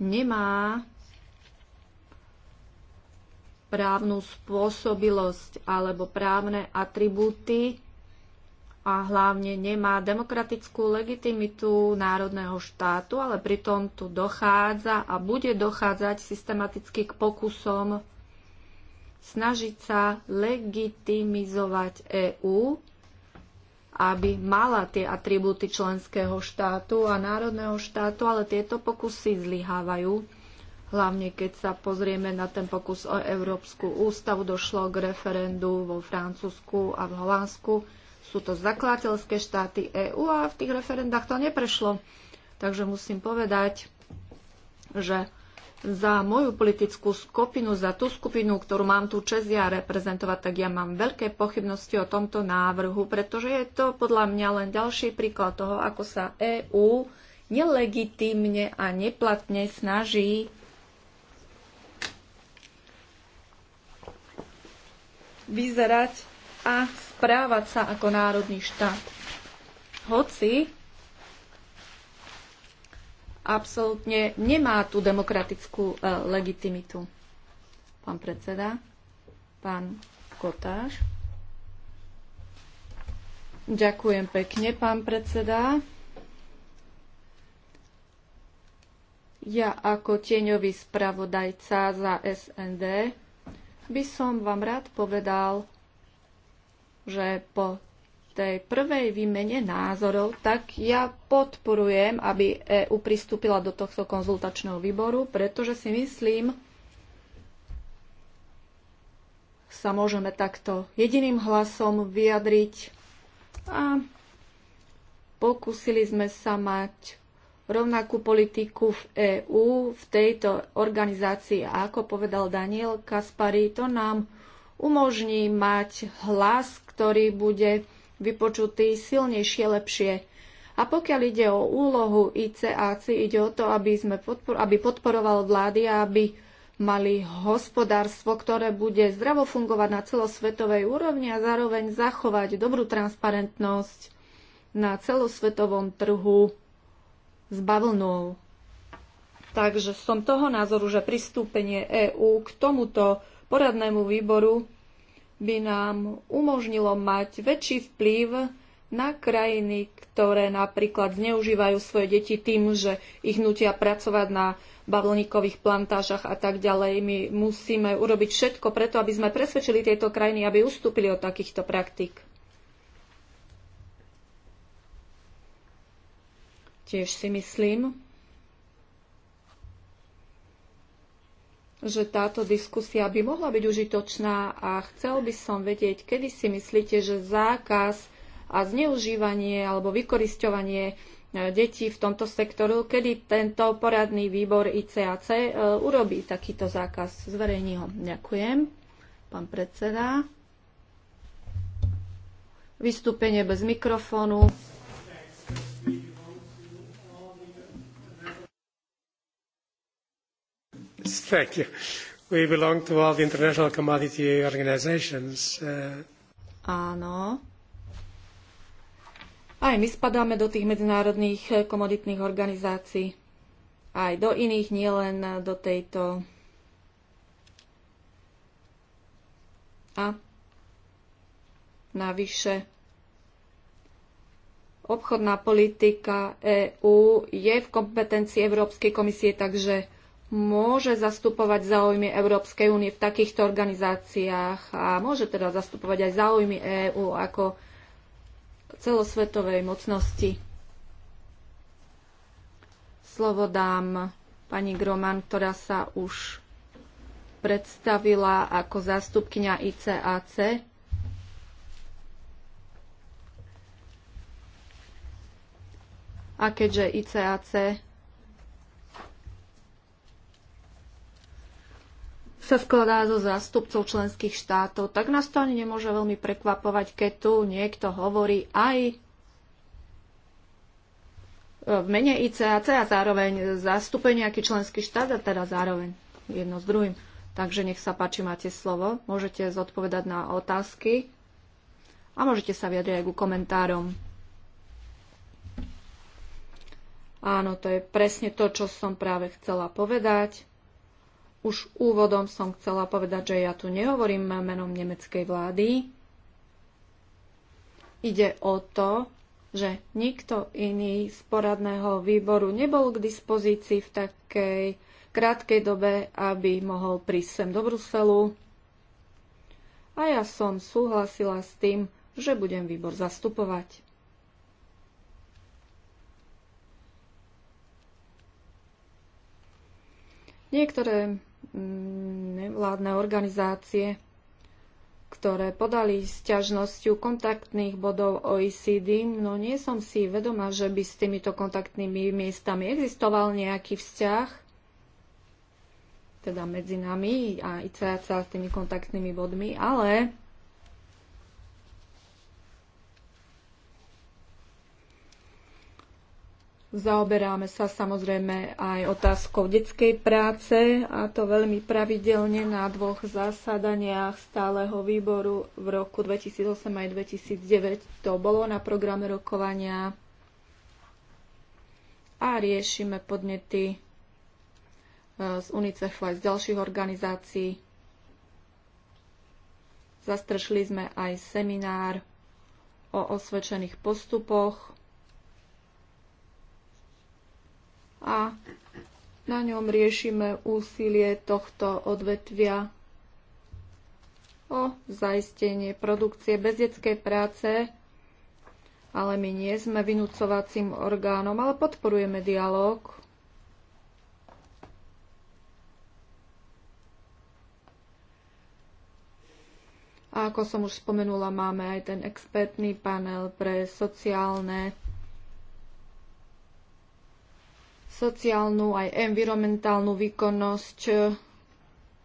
Speaker 3: nemá právnu spôsobilosť alebo právne atribúty a hlavne nemá demokratickú legitimitu národného štátu, ale pritom tu dochádza a bude dochádzať systematicky k pokusom snažiť sa legitimizovať EÚ aby mala tie atribúty členského štátu a národného štátu, ale tieto pokusy zlyhávajú. Hlavne keď sa pozrieme na ten pokus o Európsku ústavu, došlo k referendu vo Francúzsku a v Holandsku. Sú to zakladateľské štáty EÚ a v tých referendách to neprešlo. Takže musím povedať, že za moju politickú skupinu, za tú skupinu, ktorú mám tu čest ja reprezentovať, tak ja mám veľké pochybnosti o tomto návrhu, pretože je to podľa mňa len ďalší príklad toho, ako sa EÚ nelegitímne a neplatne snaží vyzerať a správať sa ako národný štát. Hoci absolútne nemá tú demokratickú e, legitimitu. Pán predseda, pán Kotáš. Ďakujem pekne, pán predseda. Ja ako tieňový spravodajca za SND by som vám rád povedal, že po tej prvej výmene názorov, tak ja podporujem, aby EU pristúpila do tohto konzultačného výboru, pretože si myslím, sa môžeme takto jediným hlasom vyjadriť a pokúsili sme sa mať rovnakú politiku v EÚ, v tejto organizácii. A ako povedal Daniel Kaspari, to nám umožní mať hlas, ktorý bude vypočutý silnejšie, lepšie. A pokiaľ ide o úlohu ICAC, ide o to, aby, sme podpor- aby podporoval vlády a aby mali hospodárstvo, ktoré bude zdravo fungovať na celosvetovej úrovni a zároveň zachovať dobrú transparentnosť na celosvetovom trhu s bavlnou. Takže som toho názoru, že pristúpenie EÚ k tomuto poradnému výboru by nám umožnilo mať väčší vplyv na krajiny, ktoré napríklad zneužívajú svoje deti tým, že ich nutia pracovať na bavlníkových plantážach a tak ďalej. My musíme urobiť všetko preto, aby sme presvedčili tieto krajiny, aby ustúpili od takýchto praktík. Tiež si myslím, že táto diskusia by mohla byť užitočná a chcel by som vedieť, kedy si myslíte, že zákaz a zneužívanie alebo vykorisťovanie e, detí v tomto sektoru, kedy tento poradný výbor ICAC e, urobí takýto zákaz. Zverejní ho. Ďakujem. Pán predseda. Vystúpenie bez mikrofónu.
Speaker 1: Thank you. We belong to all the international commodity organizations. Uh...
Speaker 3: Áno. Aj my spadáme do tých medzinárodných eh, komoditných organizácií. Aj do iných, nielen eh, do tejto. A navyše obchodná politika EÚ je v kompetencii Európskej komisie, takže môže zastupovať záujmy Európskej únie v takýchto organizáciách a môže teda zastupovať aj záujmy EÚ ako celosvetovej mocnosti. Slovo dám pani Groman, ktorá sa už predstavila ako zástupkynia ICAC. A keďže ICAC sa skladá zo zástupcov členských štátov, tak nás to ani nemôže veľmi prekvapovať, keď tu niekto hovorí aj e, v mene ICAC a zároveň zastúpe nejaký členský štát a teda zároveň jedno s druhým. Takže nech sa páči, máte slovo. Môžete zodpovedať na otázky a môžete sa vyjadriť aj ku komentárom. Áno, to je presne to, čo som práve chcela povedať. Už úvodom som chcela povedať, že ja tu nehovorím menom nemeckej vlády. Ide o to, že nikto iný z poradného výboru nebol k dispozícii v takej krátkej dobe, aby mohol prísť sem do Bruselu. A ja som súhlasila s tým, že budem výbor zastupovať. Niektoré nevládne organizácie, ktoré podali sťažnosťu kontaktných bodov OECD, no nie som si vedomá, že by s týmito kontaktnými miestami existoval nejaký vzťah, teda medzi nami a ICAC teda s tými kontaktnými bodmi, ale Zaoberáme sa samozrejme aj otázkou detskej práce a to veľmi pravidelne na dvoch zasadaniach stáleho výboru v roku 2008 aj 2009. To bolo na programe rokovania a riešime podnety e, z UNICEF aj z ďalších organizácií. Zastršili sme aj seminár o osvedčených postupoch a na ňom riešime úsilie tohto odvetvia o zaistenie produkcie bez detskej práce, ale my nie sme vynúcovacím orgánom, ale podporujeme dialog. A ako som už spomenula, máme aj ten expertný panel pre sociálne sociálnu aj environmentálnu výkonnosť eh,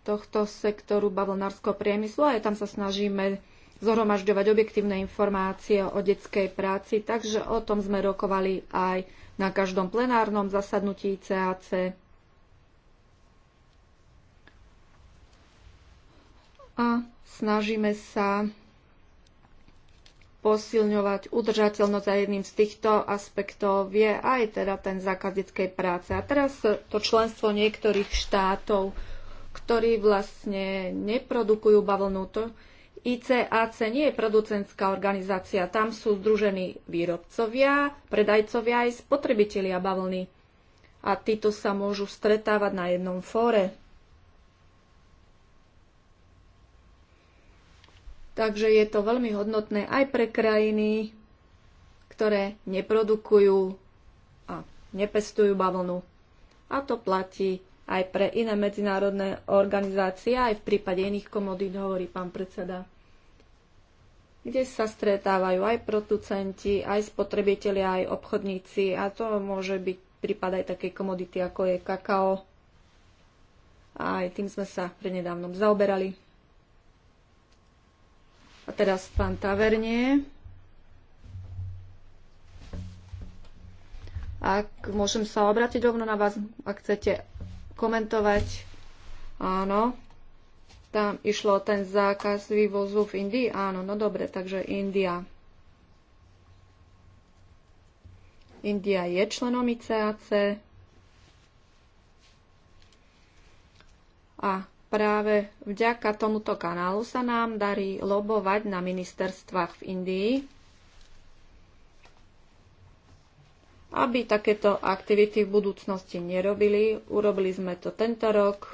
Speaker 3: tohto sektoru bavlnárskeho priemyslu a aj tam sa snažíme zhromažďovať objektívne informácie o detskej práci, takže o tom sme rokovali aj na každom plenárnom zasadnutí CAC. A snažíme sa posilňovať udržateľnosť a jedným z týchto aspektov je aj teda ten zákaz detskej práce. A teraz to členstvo niektorých štátov, ktorí vlastne neprodukujú bavlnú, to ICAC nie je producentská organizácia, tam sú združení výrobcovia, predajcovia aj spotrebitelia bavlny. A títo sa môžu stretávať na jednom fóre. Takže je to veľmi hodnotné aj pre krajiny, ktoré neprodukujú a nepestujú bavlnu. A to platí aj pre iné medzinárodné organizácie, aj v prípade iných komodít, hovorí pán predseda kde sa stretávajú aj producenti, aj spotrebitelia, aj obchodníci a to môže byť prípad aj takej komodity, ako je kakao. A aj tým sme sa prednedávnom zaoberali. A teraz pán Tavernie. Ak môžem sa obrátiť rovno na vás, ak chcete komentovať. Áno. Tam išlo ten zákaz vývozu v Indii? Áno, no dobre, takže India. India je členom ICAC. A Práve vďaka tomuto kanálu sa nám darí lobovať na ministerstvách v Indii, aby takéto aktivity v budúcnosti nerobili. Urobili sme to tento rok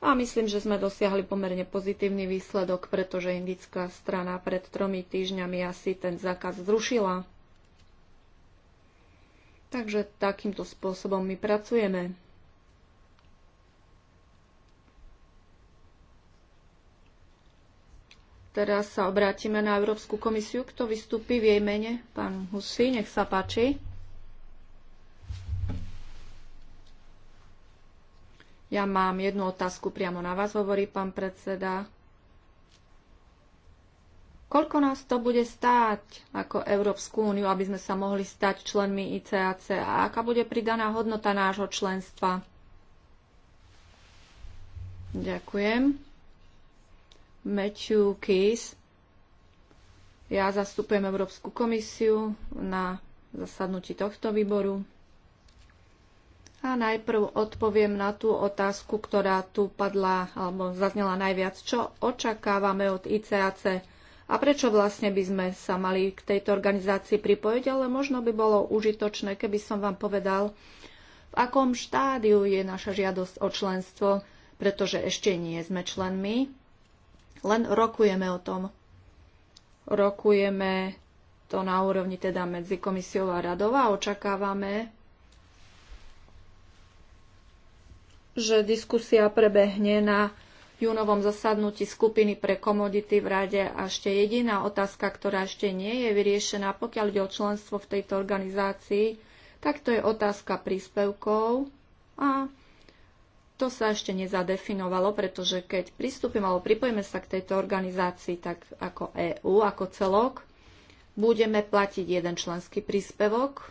Speaker 3: a myslím, že sme dosiahli pomerne pozitívny výsledok, pretože indická strana pred tromi týždňami asi ten zákaz zrušila. Takže takýmto spôsobom my pracujeme. Teraz sa obrátime na Európsku komisiu. Kto vystúpi v jej mene? Pán Husi, nech sa páči. Ja mám jednu otázku priamo na vás, hovorí pán predseda. Koľko nás to bude stáť ako Európsku úniu, aby sme sa mohli stať členmi ICAC a aká bude pridaná hodnota nášho členstva? Ďakujem. Matthew Keys. Ja zastupujem Európsku komisiu na zasadnutí tohto výboru. A najprv odpoviem na tú otázku, ktorá tu padla alebo zaznela najviac. Čo očakávame od ICAC a prečo vlastne by sme sa mali k tejto organizácii pripojiť, ale možno by bolo užitočné, keby som vám povedal, v akom štádiu je naša žiadosť o členstvo, pretože ešte nie sme členmi len rokujeme o tom. Rokujeme to na úrovni teda medzi komisiou a radou a očakávame, že diskusia prebehne na júnovom zasadnutí skupiny pre komodity v rade a ešte jediná otázka, ktorá ešte nie je vyriešená, pokiaľ ide o členstvo v tejto organizácii, tak to je otázka príspevkov a to sa ešte nezadefinovalo, pretože keď pristúpime alebo pripojíme sa k tejto organizácii tak ako EÚ, ako celok, budeme platiť jeden členský príspevok.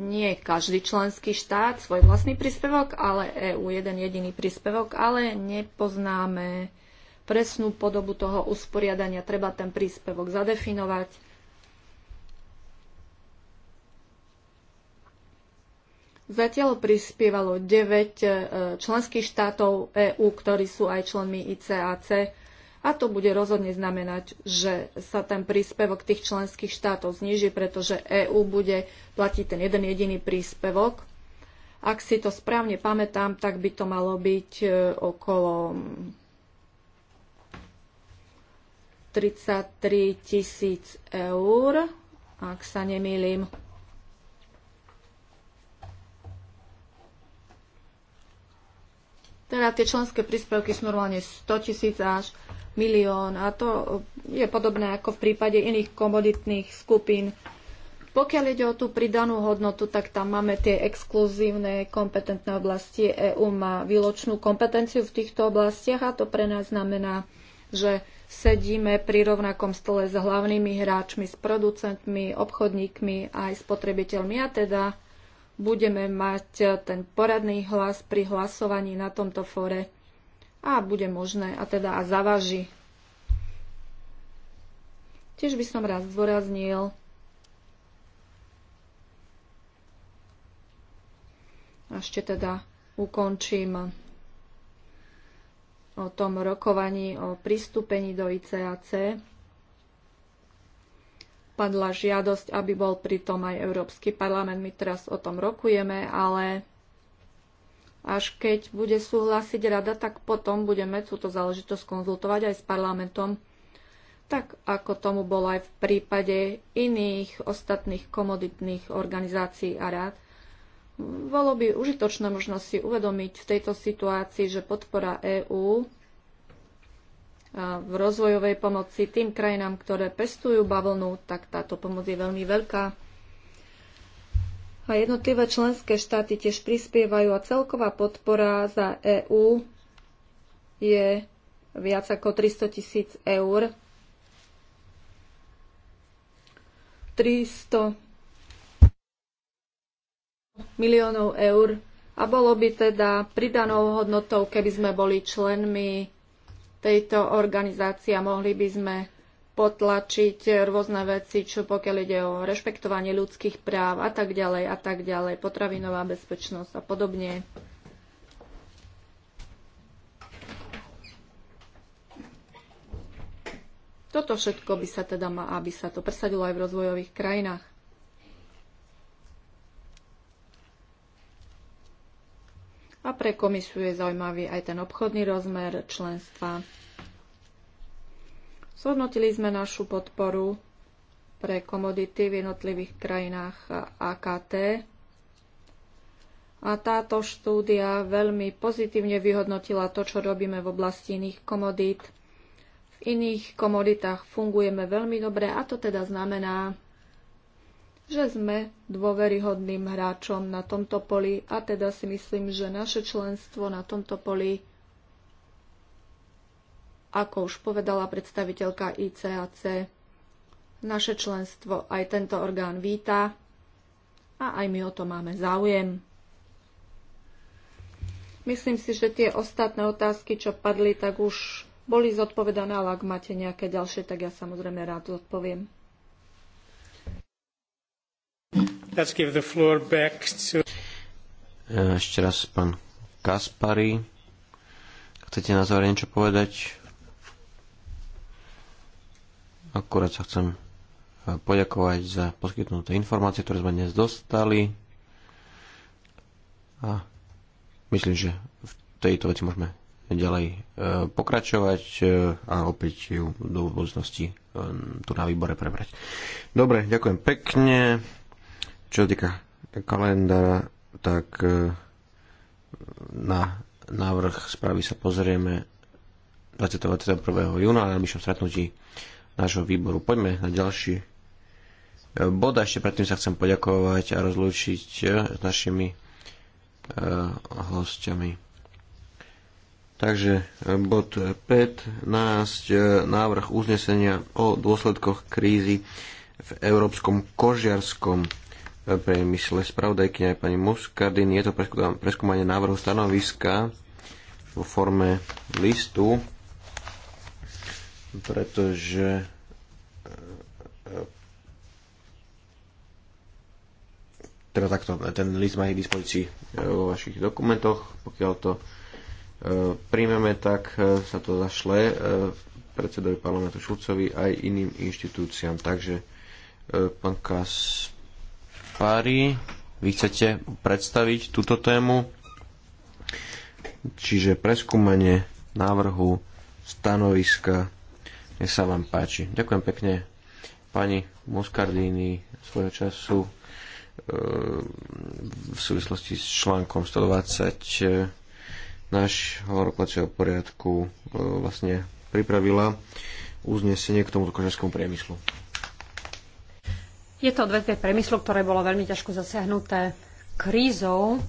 Speaker 3: Nie každý členský štát svoj vlastný príspevok, ale EÚ jeden jediný príspevok, ale nepoznáme presnú podobu toho usporiadania. Treba ten príspevok zadefinovať Zatiaľ prispievalo 9 e, členských štátov EÚ, ktorí sú aj členmi ICAC. A to bude rozhodne znamenať, že sa ten príspevok tých členských štátov zniží, pretože EÚ bude platiť ten jeden jediný príspevok. Ak si to správne pamätám, tak by to malo byť e, okolo 33 tisíc eur, ak sa nemýlim. Teda tie členské príspevky sú normálne 100 tisíc až milión a to je podobné ako v prípade iných komoditných skupín. Pokiaľ ide o tú pridanú hodnotu, tak tam máme tie exkluzívne kompetentné oblasti. EÚ má výločnú kompetenciu v týchto oblastiach a to pre nás znamená, že sedíme pri rovnakom stole s hlavnými hráčmi, s producentmi, obchodníkmi a aj spotrebiteľmi a teda budeme mať e, ten poradný hlas pri hlasovaní na tomto fóre a bude možné a teda a zavaží. Tiež by som raz zdôraznil, a ešte teda ukončím e, o tom rokovaní o pristúpení do ICAC padla žiadosť, aby bol pritom aj Európsky parlament. My teraz o tom rokujeme, ale až keď bude súhlasiť rada, tak potom budeme túto záležitosť konzultovať aj s parlamentom, tak ako tomu bolo aj v prípade iných ostatných komoditných organizácií a rád. Bolo by užitočné možno si uvedomiť v tejto situácii, že podpora EÚ v rozvojovej pomoci tým krajinám, ktoré pestujú bavlnu, tak táto pomoc je veľmi veľká. A jednotlivé členské štáty tiež prispievajú a celková podpora za EÚ je viac ako 300 tisíc eur. 300 miliónov eur a bolo by teda pridanou hodnotou, keby sme boli členmi tejto organizácie a mohli by sme potlačiť rôzne veci, čo pokiaľ ide o rešpektovanie ľudských práv a tak ďalej a tak ďalej, potravinová bezpečnosť a podobne. Toto všetko by sa teda má, aby sa to presadilo aj v rozvojových krajinách. a pre komisiu je zaujímavý aj ten obchodný rozmer členstva. Zhodnotili sme našu podporu pre komodity v jednotlivých krajinách AKT a táto štúdia veľmi pozitívne vyhodnotila to, čo robíme v oblasti iných komodít. V iných komoditách fungujeme veľmi dobre a to teda znamená, že sme dôveryhodným hráčom na tomto poli a teda si myslím, že naše členstvo na tomto poli, ako už povedala predstaviteľka ICAC, naše členstvo aj tento orgán víta a aj my o to máme záujem. Myslím si, že tie ostatné otázky, čo padli, tak už boli zodpovedané, ale ak máte nejaké ďalšie, tak ja samozrejme rád
Speaker 1: zodpoviem. Let's give the floor back
Speaker 2: to... E, ešte raz pán Kaspari. Chcete na záver niečo povedať? Akurát sa chcem e, poďakovať za poskytnuté informácie, ktoré sme dnes dostali. A myslím, že v tejto veci môžeme ďalej e, pokračovať a opäť ju do budúcnosti tu na výbore prebrať. Dobre, ďakujem pekne. Čo týka kalendára, tak e, na návrh správy sa pozrieme 21. júna na myšom stretnutí nášho výboru. Poďme na ďalší e, bod. Ešte predtým sa chcem poďakovať a rozlúčiť e, s našimi hostiami. Takže bod 15, návrh uznesenia o dôsledkoch krízy v európskom kožiarskom priemysle. spravodajky aj pani Muscardin. Je to preskúmanie návrhu stanoviska vo forme listu, pretože e, teda takto, ten list má k dispozícii e, vo vašich dokumentoch, pokiaľ to e, príjmeme, tak sa to zašle predsedovi parlamentu Šulcovi aj iným inštitúciám. Takže pán Kas, Pári, vy chcete predstaviť túto tému, čiže preskúmanie návrhu stanoviska. Nech sa vám páči. Ďakujem pekne pani Muscardini svojho času e, v súvislosti s článkom 120 e, nášho rokovacieho poriadku e, vlastne pripravila uznesenie k tomuto kožarskému priemyslu.
Speaker 4: Je to odvetvie priemyslu, ktoré bolo veľmi ťažko zasiahnuté krízou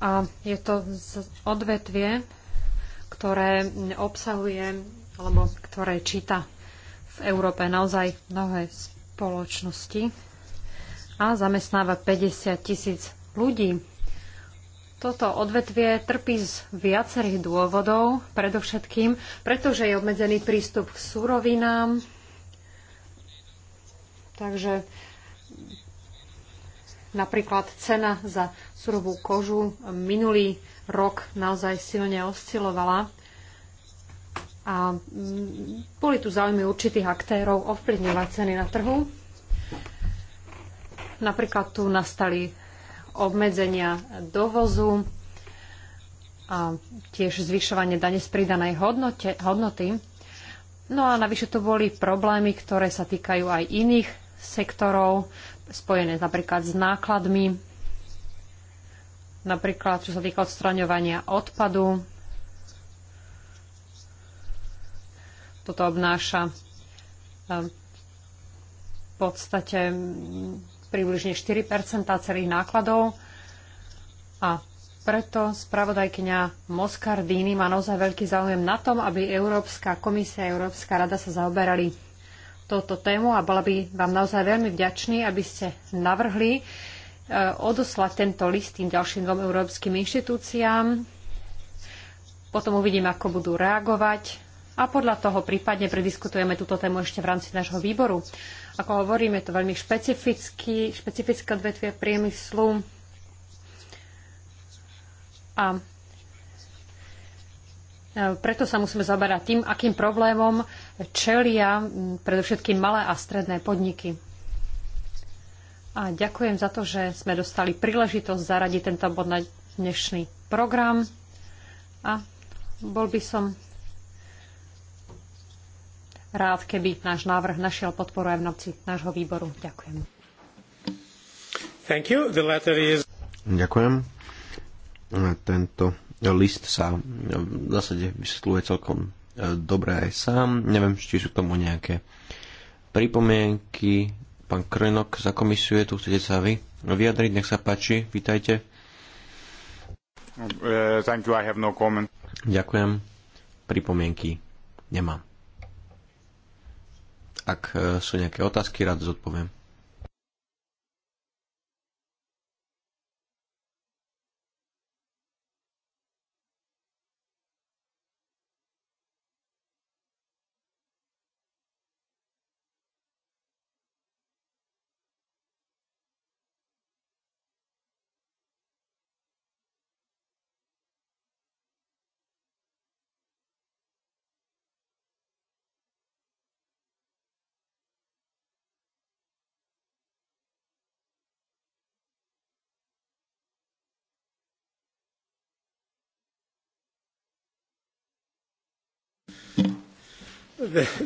Speaker 4: a je to odvetvie, ktoré obsahuje alebo ktoré číta v Európe naozaj mnohé spoločnosti a zamestnáva 50 tisíc ľudí. Toto odvetvie trpí z viacerých dôvodov, predovšetkým pretože je obmedzený prístup k surovinám, Takže napríklad cena za surovú kožu minulý rok naozaj silne oscilovala a mm, boli tu záujmy určitých aktérov ovplyvňovať ceny na trhu. Napríklad tu nastali obmedzenia dovozu a tiež zvyšovanie dane z pridanej hodnoty. No a navyše to boli problémy, ktoré sa týkajú aj iných sektorov, spojené napríklad s nákladmi, napríklad čo sa týka odstraňovania odpadu. Toto obnáša eh, v podstate približne 4 celých nákladov a preto spravodajkyňa Moscardini má naozaj veľký záujem na tom, aby Európska komisia a Európska rada sa zaoberali touto tému a bola by vám naozaj veľmi vďačný, aby ste navrhli e, odoslať tento list tým ďalším dvom európskym inštitúciám. Potom uvidím, ako budú reagovať a podľa toho prípadne prediskutujeme túto tému ešte v rámci nášho výboru. Ako hovorím, je to veľmi špecifické odvetvie priemyslu a E, preto sa musíme zaberať tým, akým problémom čelia predovšetkým malé a stredné podniky. A ďakujem za to, že sme dostali príležitosť zaradiť tento bod na dnešný program. A bol by som rád, keby náš návrh našiel podporu aj v noci nášho výboru. Ďakujem.
Speaker 1: Thank you. The letter is...
Speaker 2: Ďakujem. Tento list sa v zásade vysvetľuje celkom e, dobre aj sám. Neviem, či sú k tomu nejaké pripomienky. Pán Krenok za komisiu je tu, chcete sa vy vyjadriť, nech sa páči, vítajte.
Speaker 1: Uh, thank you, I have no comment.
Speaker 2: Ďakujem. Pripomienky nemám. Ak e, sú nejaké otázky, rád zodpoviem.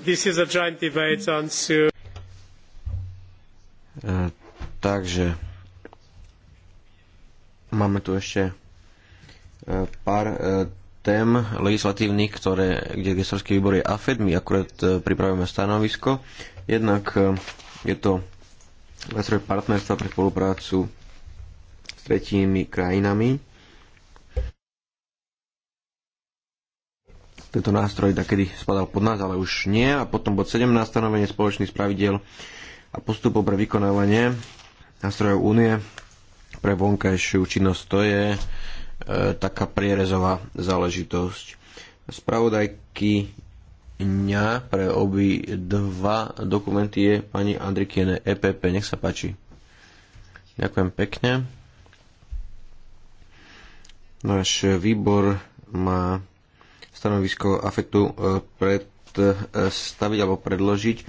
Speaker 1: This is a joint debate on
Speaker 2: e, Takže máme tu ešte e, pár e, tém legislatívnych, ktoré, kde gestorský výbor je AFED. My akurát pripravujeme stanovisko. Jednak je to nástroj partnerstva pre spoluprácu s tretími krajinami. tento nástroj kedy spadal pod nás, ale už nie. A potom bod 17, stanovenie spoločných spravidiel a postupov pre vykonávanie nástrojov únie pre vonkajšiu činnosť. To je e, taká prierezová záležitosť. Spravodajky dňa pre obi dva dokumenty je pani Andrikiene EPP. Nech sa páči. Ďakujem pekne. Náš výbor má stanovisko afektu e, predstaviť alebo predložiť, e,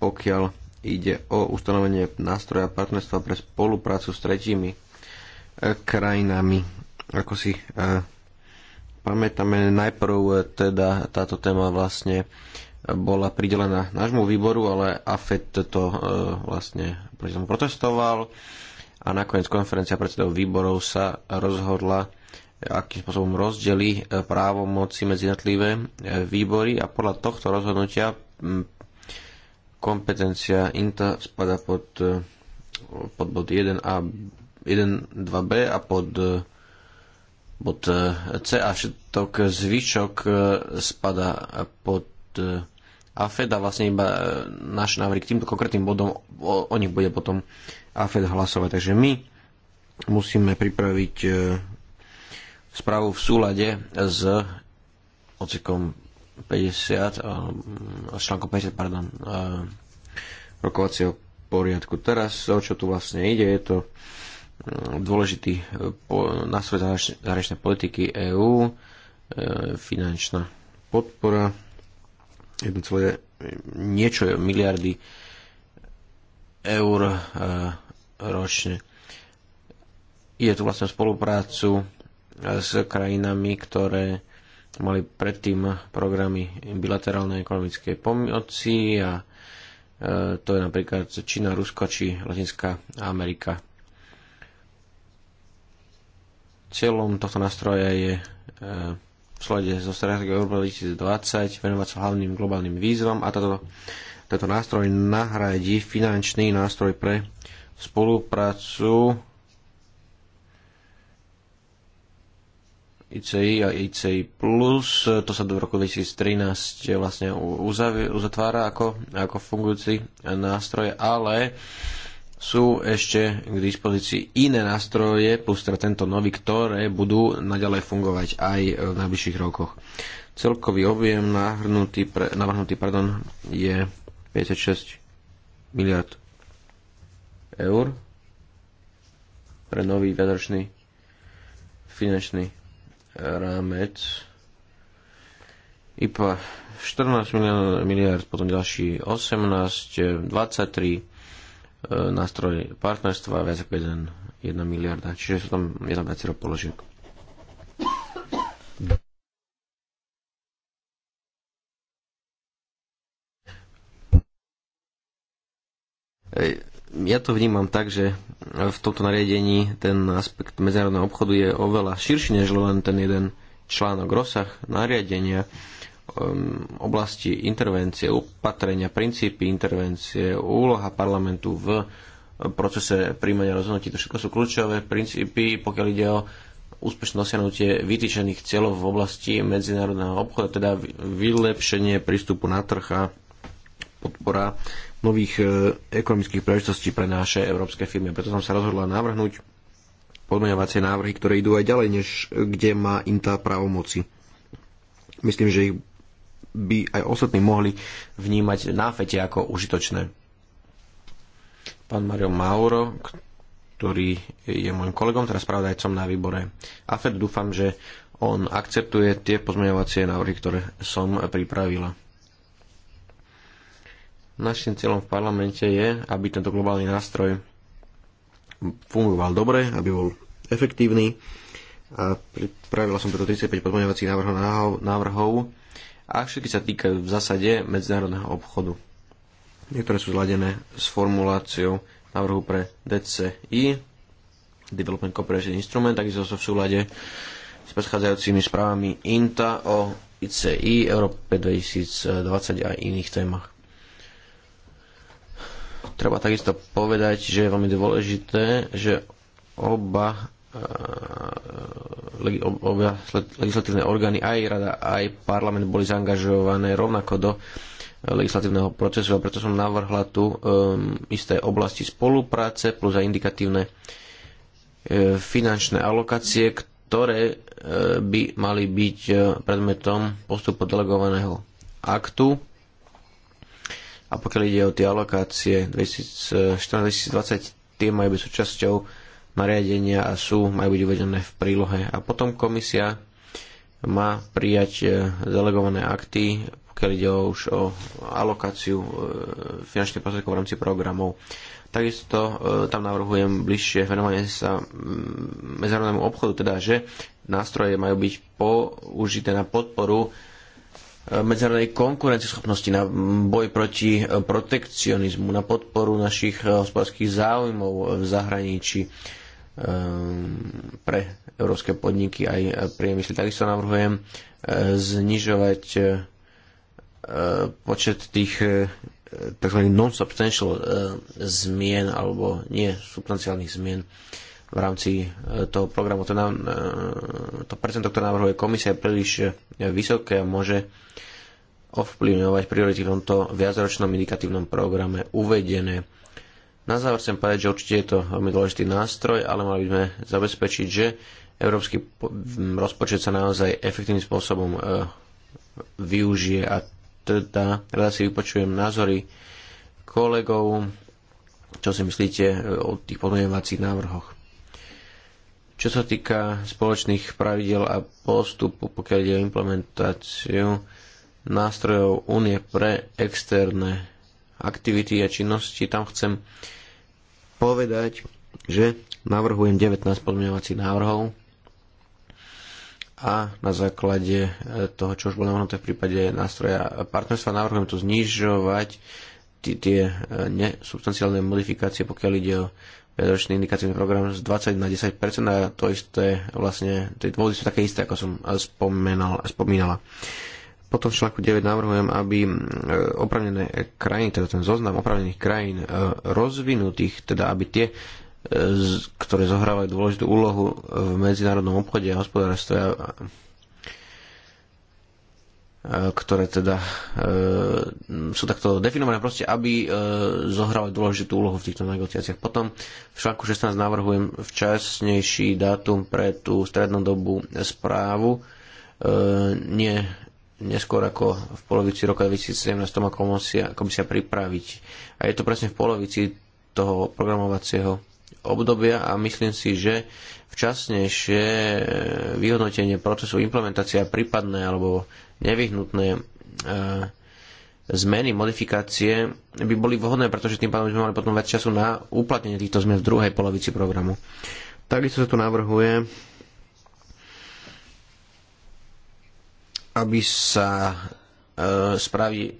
Speaker 2: pokiaľ ide o ustanovenie nástroja partnerstva pre spoluprácu s tretími e, krajinami. Ako si pamätáme, najprv teda táto téma vlastne bola pridelená nášmu výboru, ale AFET to vlastne proti tomu protestoval a nakoniec konferencia predsedov výborov sa rozhodla akým spôsobom rozdeli e, právomoci medzi jednotlivé e, výbory a podľa tohto rozhodnutia kompetencia INTA spada pod, e, pod bod 1a 1.2b a pod bod C a všetok zvyšok spada pod AFED a vlastne iba náš návrh k týmto konkrétnym bodom o, o nich bude potom AFED hlasovať. Takže my musíme pripraviť správu v súlade s ocekom 50 a článkom 50, pardon, rokovacieho poriadku. Teraz, o čo tu vlastne ide, je to mm, dôležitý e, nástroj zahraničnej politiky EÚ, e, finančná podpora, jednotlivé celé niečo miliardy eur e, ročne. Je tu vlastne spoluprácu s krajinami, ktoré mali predtým programy bilaterálnej ekonomickej pomoci a e, to je napríklad Čína, Rusko či Latinská Amerika. Cieľom tohto nástroja je e, v slede zo Strategie Európa 2020 venovať sa hlavným globálnym výzvam a tato, tento nástroj nahradí finančný nástroj pre spoluprácu ICI a ICI+, plus, to sa do roku 2013 vlastne uzatvára ako, ako fungujúci nástroj, ale sú ešte k dispozícii iné nástroje, plus teda tento nový, ktoré budú naďalej fungovať aj v najbližších rokoch. Celkový objem navrhnutý, pre, navrhnutý pardon, je 56 miliard eur pre nový viacročný finančný rámec IPA 14 miliard, miliard, potom ďalší 18, 23 e, nástroj partnerstva, viac ako 1, 1 miliarda, čiže sú tam je tam viacero položiek. Hey ja to vnímam tak, že v tomto nariadení ten aspekt medzinárodného obchodu je oveľa širší než len ten jeden článok rozsah nariadenia um, oblasti intervencie, opatrenia, princípy intervencie, úloha parlamentu v procese príjmania rozhodnutí. To všetko sú kľúčové princípy, pokiaľ ide o úspešné dosiahnutie vytýčených cieľov v oblasti medzinárodného obchodu, teda vylepšenie prístupu na trh a podpora nových e, ekonomických príležitostí pre naše európske firmy. Preto som sa rozhodla navrhnúť podmeňovacie návrhy, ktoré idú aj ďalej, než e, kde má INTA právomoci. Myslím, že ich by aj ostatní mohli vnímať náfete ako užitočné. Pán Mario Mauro, ktorý je môjim kolegom, teraz pravdajcom na výbore AFED, dúfam, že on akceptuje tie pozmeňovacie návrhy, ktoré som pripravila. Našim cieľom v parlamente je, aby tento globálny nástroj fungoval dobre, aby bol efektívny. A pripravila som preto 35 podmaňovacích návrhov, návrhov a všetky sa týkajú v zásade medzinárodného obchodu. Niektoré sú zladené s formuláciou návrhu pre DCI, Development Cooperation Instrument, takisto sú v súlade s predchádzajúcimi správami INTA o ICI, Európe 2020 a iných témach. Treba takisto povedať, že je veľmi dôležité, že oba eh, oba legislatívne orgány, aj rada, aj parlament boli zaangažované rovnako do eh, legislatívneho procesu a preto som navrhla tu um, isté oblasti spolupráce plus aj indikatívne e, finančné alokácie, ktoré e, by mali byť predmetom postupu delegovaného aktu a pokiaľ ide o tie alokácie 2014-2020, eh, tie majú byť súčasťou nariadenia a sú, majú byť uvedené v prílohe. A potom komisia má prijať eh, delegované akty, pokiaľ ide už o alokáciu eh, finančných prostriedkov v rámci programov. Takisto tam navrhujem bližšie venovanie sa mm, medzinárodnému obchodu, teda že nástroje majú byť použité na podporu medzinárodnej konkurencieschopnosti, na boj proti protekcionizmu, na podporu našich eh, hospodárskych záujmov v zahraničí eh, pre európske podniky aj priemysel. Takisto navrhujem eh, znižovať počet tých tzv. non-substantial zmien alebo nie substanciálnych zmien v rámci e, toho programu. To, nám, e, to percento, ktoré navrhuje komisia, je príliš e, vysoké a môže ovplyvňovať priority v tomto viacročnom indikatívnom programe uvedené. Na záver chcem povedať, že určite je to veľmi dôležitý nástroj, ale mali by sme zabezpečiť, že európsky rozpočet sa naozaj efektívnym spôsobom využije a teda rada si vypočujem názory kolegov, čo si myslíte o tých podmienovacích návrhoch. Čo sa týka spoločných pravidel a postupu, pokiaľ ide o implementáciu nástrojov únie pre externé aktivity a činnosti, tam chcem povedať, že navrhujem 19 pozmeňovacích návrhov a na základe toho, čo už bolo navrhnuté v prípade nástroja partnerstva, navrhujem tu znižovať tie eh, nesubstanciálne modifikácie, pokiaľ ide o ročný indikatívny program z 20 na 10 a to isté vlastne, tie dôvody sú také isté, ako som spomenal, spomínala. Potom v článku 9 navrhujem, aby opravnené krajiny, teda ten zoznam opravnených krajín e, rozvinutých, teda aby tie, e, ktoré zohrávajú dôležitú úlohu v medzinárodnom obchode a hospodárstve, E, ktoré teda e, sú takto definované proste, aby e, zohrali dôležitú úlohu v týchto negociáciách. Potom v článku 16 navrhujem včasnejší dátum pre tú strednodobú správu, nie neskôr ako v polovici roka 2017 to má komisia, komisia pripraviť. A je to presne v polovici toho programovacieho obdobia a myslím si, že včasnejšie e, vyhodnotenie procesu implementácia prípadné alebo nevyhnutné e, zmeny, modifikácie by boli vhodné, pretože tým pádom by sme mali potom viac času na uplatnenie týchto zmien v druhej polovici programu. Takisto sa tu navrhuje, aby sa e, správy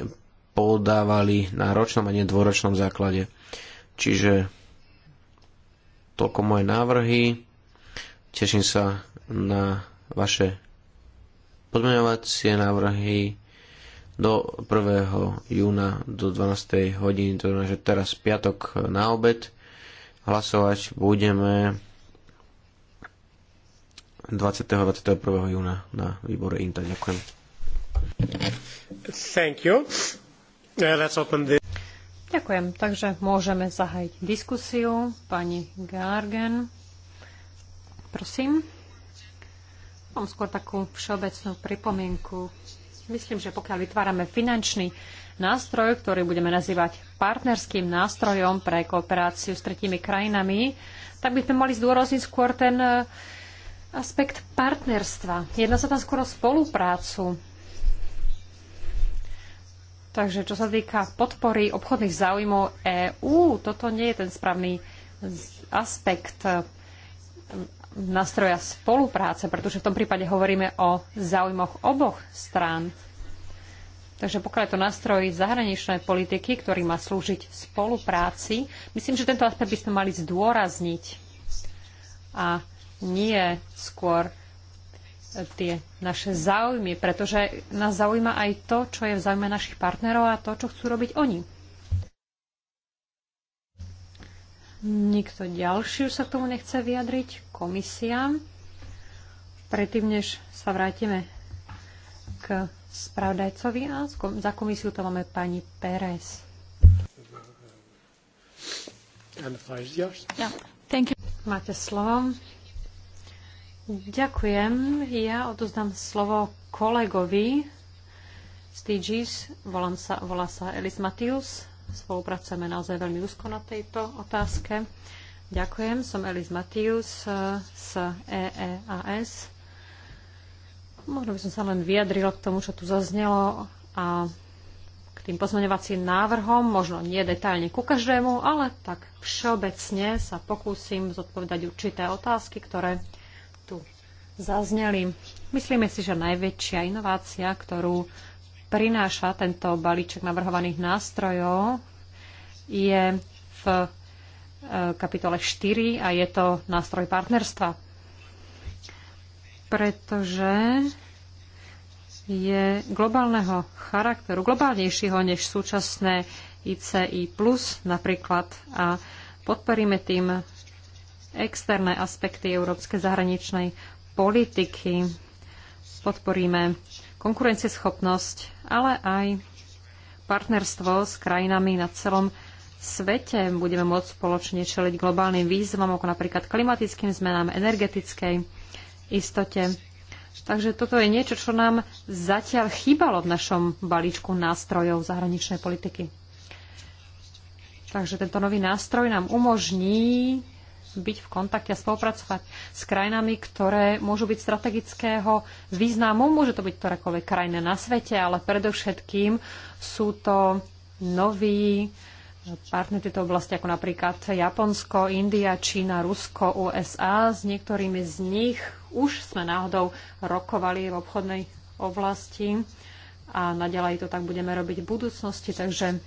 Speaker 2: podávali na ročnom a nie dvoročnom základe. Čiže toľko moje návrhy. Teším sa na vaše podmenovacie návrhy do 1. júna do 12. hodiny, to znamená, že teraz piatok na obed. Hlasovať budeme 20. 21. júna na výbore INTA. Ďakujem.
Speaker 1: Thank you. Uh, let's open the...
Speaker 4: Ďakujem. Takže môžeme zahájiť diskusiu. Pani Gargen, prosím. Mám skôr takú všeobecnú pripomienku. Myslím, že pokiaľ vytvárame finančný nástroj, ktorý budeme nazývať partnerským nástrojom pre kooperáciu s tretími krajinami, tak by sme mali zdôrazniť skôr ten eh, aspekt partnerstva. Jedná sa tam skôr o spoluprácu. Takže čo sa týka podpory obchodných záujmov EÚ, toto nie je ten správny aspekt nastroja spolupráce, pretože v tom prípade hovoríme o záujmoch oboch strán. Takže pokiaľ je to nástroj zahraničnej politiky, ktorý má slúžiť spolupráci, myslím, že tento aspekt by sme mali zdôrazniť a nie skôr tie naše záujmy, pretože nás zaujíma aj to, čo je v záujme našich partnerov a to, čo chcú robiť oni. Nikto ďalší už sa k tomu nechce vyjadriť. Komisia. Predtým, než sa vrátime k spravodajcovi a za komisiu to máme pani Pérez. Máte slovo. Ďakujem. Ja odozdám slovo kolegovi z TGS. Volám sa, volá sa Elis Matius. Spolupracujeme naozaj veľmi úzko na tejto otázke. Ďakujem. Som Elis Matius eh, z EEAS. Možno by som sa len vyjadrila k tomu, čo tu zaznelo a k tým pozmeňovacím návrhom, možno nie detailne ku každému, ale tak všeobecne sa pokúsim zodpovedať určité otázky, ktoré zazneli. Myslíme si, že najväčšia inovácia, ktorú prináša tento balíček navrhovaných nástrojov, je v e, kapitole 4 a je to nástroj partnerstva. Pretože je globálneho charakteru, globálnejšieho než súčasné ICI+, napríklad, a podporíme tým externé aspekty európskej zahraničnej politiky, podporíme konkurencieschopnosť, ale aj partnerstvo s krajinami na celom svete. Budeme môcť spoločne čeliť globálnym výzvam, ako napríklad klimatickým zmenám, energetickej istote. Takže toto je niečo, čo nám zatiaľ chýbalo v našom balíčku nástrojov zahraničnej politiky. Takže tento nový nástroj nám umožní byť v kontakte a spolupracovať s krajinami, ktoré môžu byť strategického významu. Môže to byť ktorékoľvek krajina na svete, ale predovšetkým sú to noví partner tejto oblasti, ako napríklad Japonsko, India, Čína, Rusko, USA. S niektorými z nich už sme náhodou rokovali v obchodnej oblasti a naďalej to tak budeme robiť v budúcnosti, takže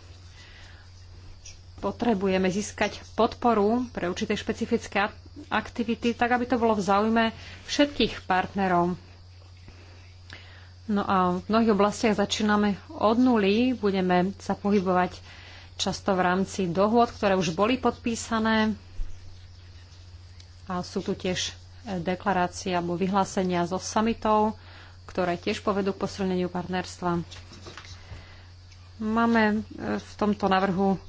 Speaker 4: potrebujeme získať podporu pre určité špecifické aktivity, tak aby to bolo v záujme všetkých partnerov. No a v mnohých oblastiach začíname od nuly, budeme sa pohybovať často v rámci dohôd, ktoré už boli podpísané a sú tu tiež deklarácie alebo vyhlásenia zo summitov, ktoré tiež povedú k posilneniu partnerstva. Máme e, v tomto návrhu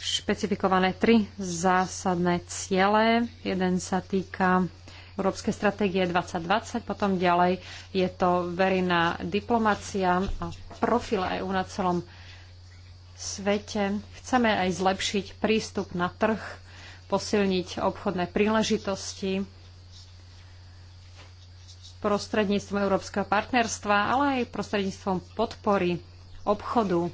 Speaker 4: špecifikované tri zásadné ciele. Jeden sa týka Európskej stratégie 2020, potom ďalej je to verejná diplomácia a profil EÚ na celom svete. Chceme aj zlepšiť prístup na trh, posilniť obchodné príležitosti prostredníctvom Európskeho partnerstva, ale aj prostredníctvom podpory obchodu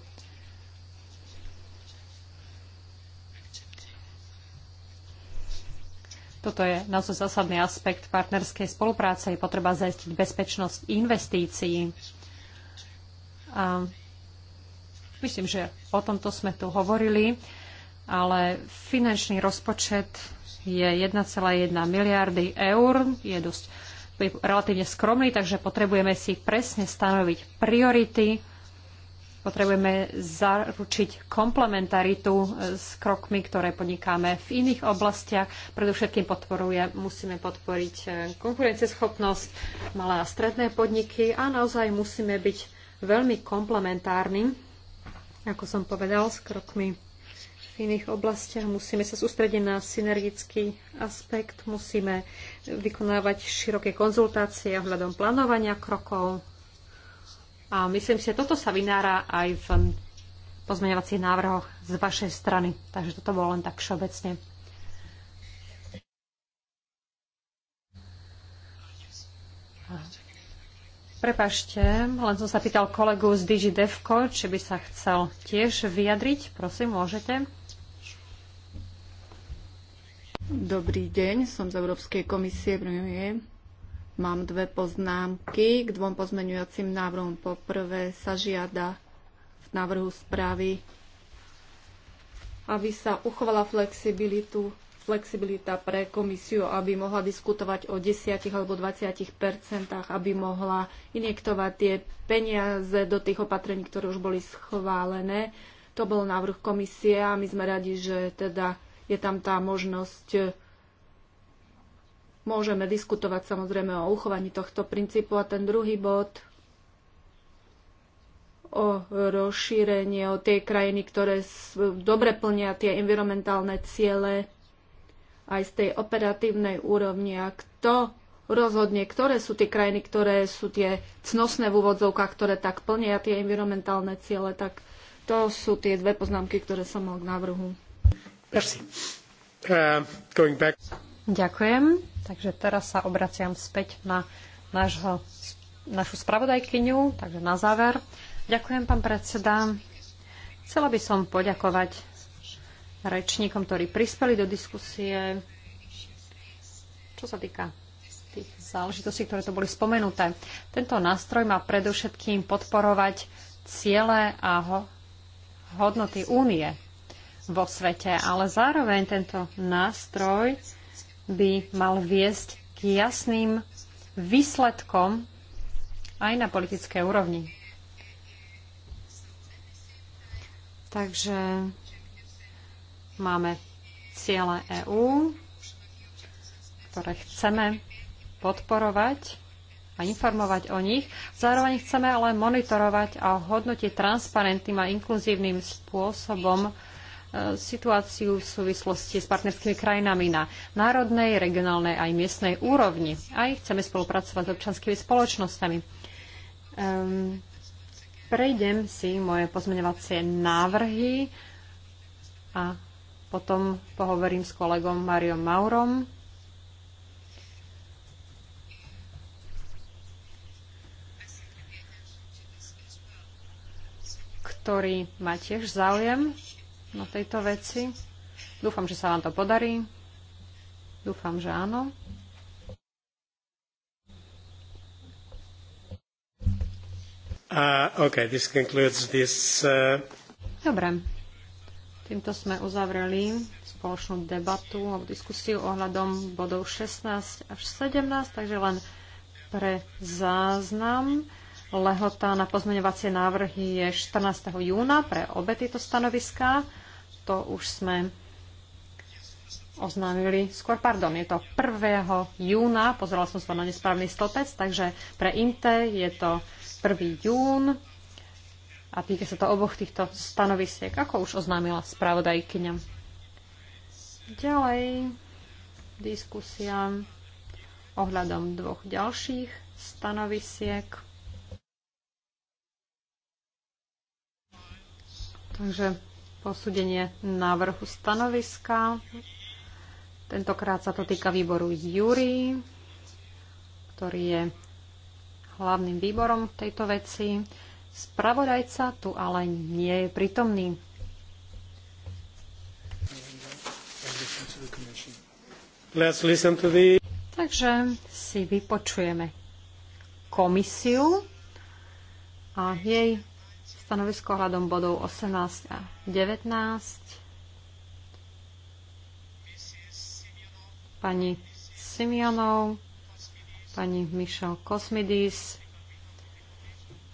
Speaker 4: Toto je naozaj zásadný aspekt partnerskej spolupráce. Je potreba zajistiť bezpečnosť investícií. A myslím, že o tomto sme tu hovorili, ale finančný rozpočet je 1,1 miliardy eur. Je dosť je relatívne skromný, takže potrebujeme si presne stanoviť priority Potrebujeme zaručiť komplementaritu e, s krokmi, ktoré podnikáme v iných oblastiach. Predovšetkým podporuje, musíme podporiť e, konkurencieschopnosť, malé a stredné podniky a naozaj musíme byť veľmi komplementárni, ako som povedal, s krokmi v iných oblastiach. Musíme sa sústrediť na synergický aspekt, musíme vykonávať široké konzultácie ohľadom plánovania krokov, a myslím si, že toto sa vynára aj v pozmeňovacích návrhoch z vašej strany. Takže toto bolo len tak všeobecne. Prepašte, len som sa pýtal kolegu z DigiDevko, či by sa chcel tiež vyjadriť. Prosím, môžete.
Speaker 3: Dobrý deň, som z Európskej komisie. Mám dve poznámky k dvom pozmeňujúcim návrhom. Po prvé sa žiada v návrhu správy, aby sa uchovala flexibilitu, flexibilita pre komisiu, aby mohla diskutovať o 10 alebo 20 percentách, aby mohla injektovať tie peniaze do tých opatrení, ktoré už boli schválené. To bol návrh komisie a my sme radi, že teda je tam tá možnosť Môžeme diskutovať samozrejme o uchovaní tohto princípu a ten druhý bod o rozšírenie o tie krajiny, ktoré dobre plnia tie environmentálne ciele aj z tej operatívnej úrovni a kto rozhodne, ktoré sú tie krajiny, ktoré sú tie cnosné v úvodzovkách, ktoré tak plnia tie environmentálne ciele, tak
Speaker 4: to sú tie dve poznámky, ktoré som mal k návrhu. Merci.
Speaker 1: Uh, going back.
Speaker 4: Ďakujem. Takže teraz sa obraciam späť na nášho, našu spravodajkyňu, takže na záver. Ďakujem, pán predseda. Chcela by som poďakovať rečníkom, ktorí prispeli do diskusie. Čo sa týka tých záležitostí, ktoré to boli spomenuté. Tento nástroj má predovšetkým podporovať ciele a ho, hodnoty únie vo svete, ale zároveň tento nástroj by mal viesť k jasným výsledkom aj na politické úrovni. Takže máme ciele EÚ, ktoré chceme podporovať a informovať o nich. Zároveň chceme ale monitorovať a hodnotiť transparentným a inkluzívnym spôsobom situáciu v súvislosti s partnerskými krajinami na národnej, regionálnej aj miestnej úrovni. Aj chceme spolupracovať s občanskými spoločnosťami. Um, prejdem si moje pozmeňovacie návrhy a potom pohovorím s kolegom Mariom Maurom. ktorý má tiež záujem na tejto veci. Dúfam, že sa vám to podarí. Dúfam, že áno.
Speaker 1: Uh, okay, this concludes this, uh...
Speaker 4: Dobre. Týmto sme uzavreli spoločnú debatu alebo diskusiu ohľadom bodov 16 až 17, takže len pre záznam. Lehota na pozmeňovacie návrhy je 14. júna pre obe tieto stanoviská to už sme oznámili, skôr pardon, je to 1. júna, pozerala som sa na nesprávny stopec, takže pre INTE je to 1. jún a týka sa to oboch týchto stanovisiek, ako už oznámila spravodajkyňa. Ďalej diskusia ohľadom dvoch ďalších stanovisiek. Takže posúdenie návrhu stanoviska. Tentokrát sa to týka výboru Júri, ktorý je hlavným výborom tejto veci. Spravodajca tu ale nie je prítomný. Takže si vypočujeme komisiu a jej Stanovisko hľadom bodov 18 a 19. Pani Simionov, pani Michelle Kosmidis,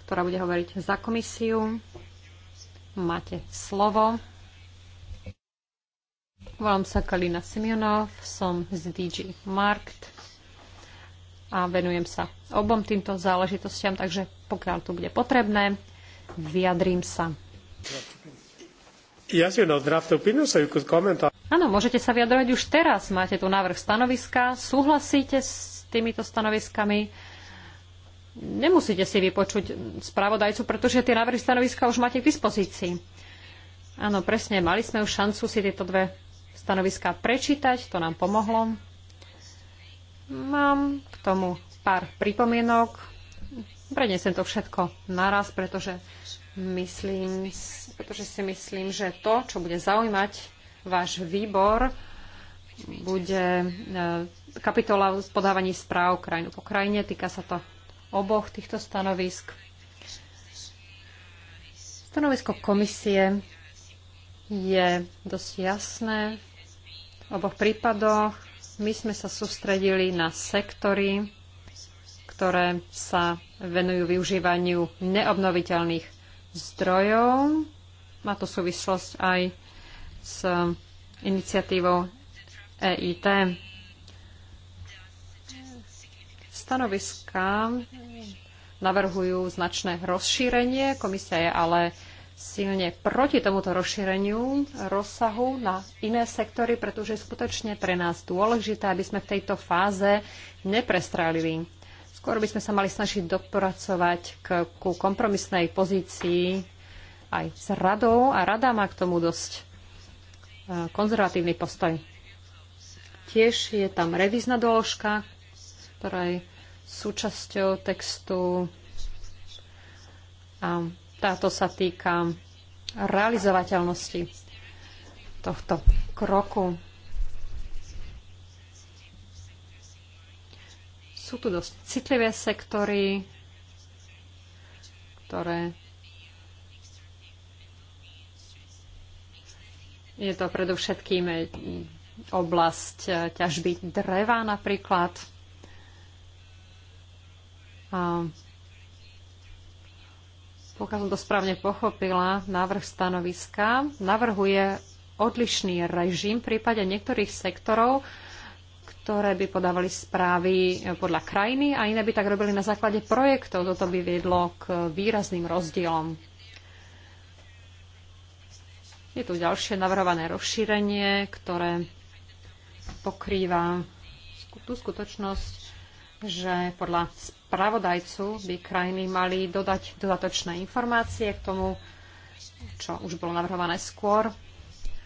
Speaker 4: ktorá bude hovoriť za komisiu. Máte slovo. Volám sa Kalina Simionov, som z DG Markt a venujem sa obom týmto záležitostiam, takže pokiaľ to bude potrebné, vyjadrím sa. Áno, môžete sa vyjadrovať už teraz. Máte tu návrh stanoviska, súhlasíte s týmito stanoviskami. Nemusíte si vypočuť spravodajcu, pretože tie návrhy stanoviska už máte k dispozícii. Áno, presne, mali sme už šancu si tieto dve stanoviská prečítať, to nám pomohlo. Mám k tomu pár pripomienok. Prenesem to všetko naraz, pretože, myslím, pretože si myslím, že to, čo bude zaujímať váš výbor, bude e, kapitola z podávaní správ krajinu po krajine. Týka sa to oboch týchto stanovisk. Stanovisko komisie je dosť jasné. V oboch prípadoch my sme sa sústredili na sektory, ktoré sa venujú využívaniu neobnoviteľných zdrojov. Má to súvislosť aj s iniciatívou EIT. Stanoviská navrhujú značné rozšírenie. Komisia je ale silne proti tomuto rozšíreniu rozsahu na iné sektory, pretože je skutočne pre nás dôležité, aby sme v tejto fáze neprestrelili. Skôr by sme sa mali snažiť dopracovať k, ku kompromisnej pozícii aj s radou a rada má k tomu dosť e, konzervatívny postoj. Tiež je tam revízna doložka, ktorá je súčasťou textu a táto sa týka realizovateľnosti tohto kroku. Sú tu dosť citlivé sektory, ktoré je to predovšetkým oblasť e, ťažby dreva napríklad. A pokiaľ som to správne pochopila, návrh stanoviska navrhuje odlišný režim v prípade niektorých sektorov, ktoré by podávali správy podľa krajiny a iné by tak robili na základe projektov. Toto by viedlo k výrazným rozdielom. Je tu ďalšie navrhované rozšírenie, ktoré pokrýva tú skutočnosť, že podľa spravodajcu by krajiny mali dodať dodatočné informácie k tomu, čo už bolo navrhované skôr.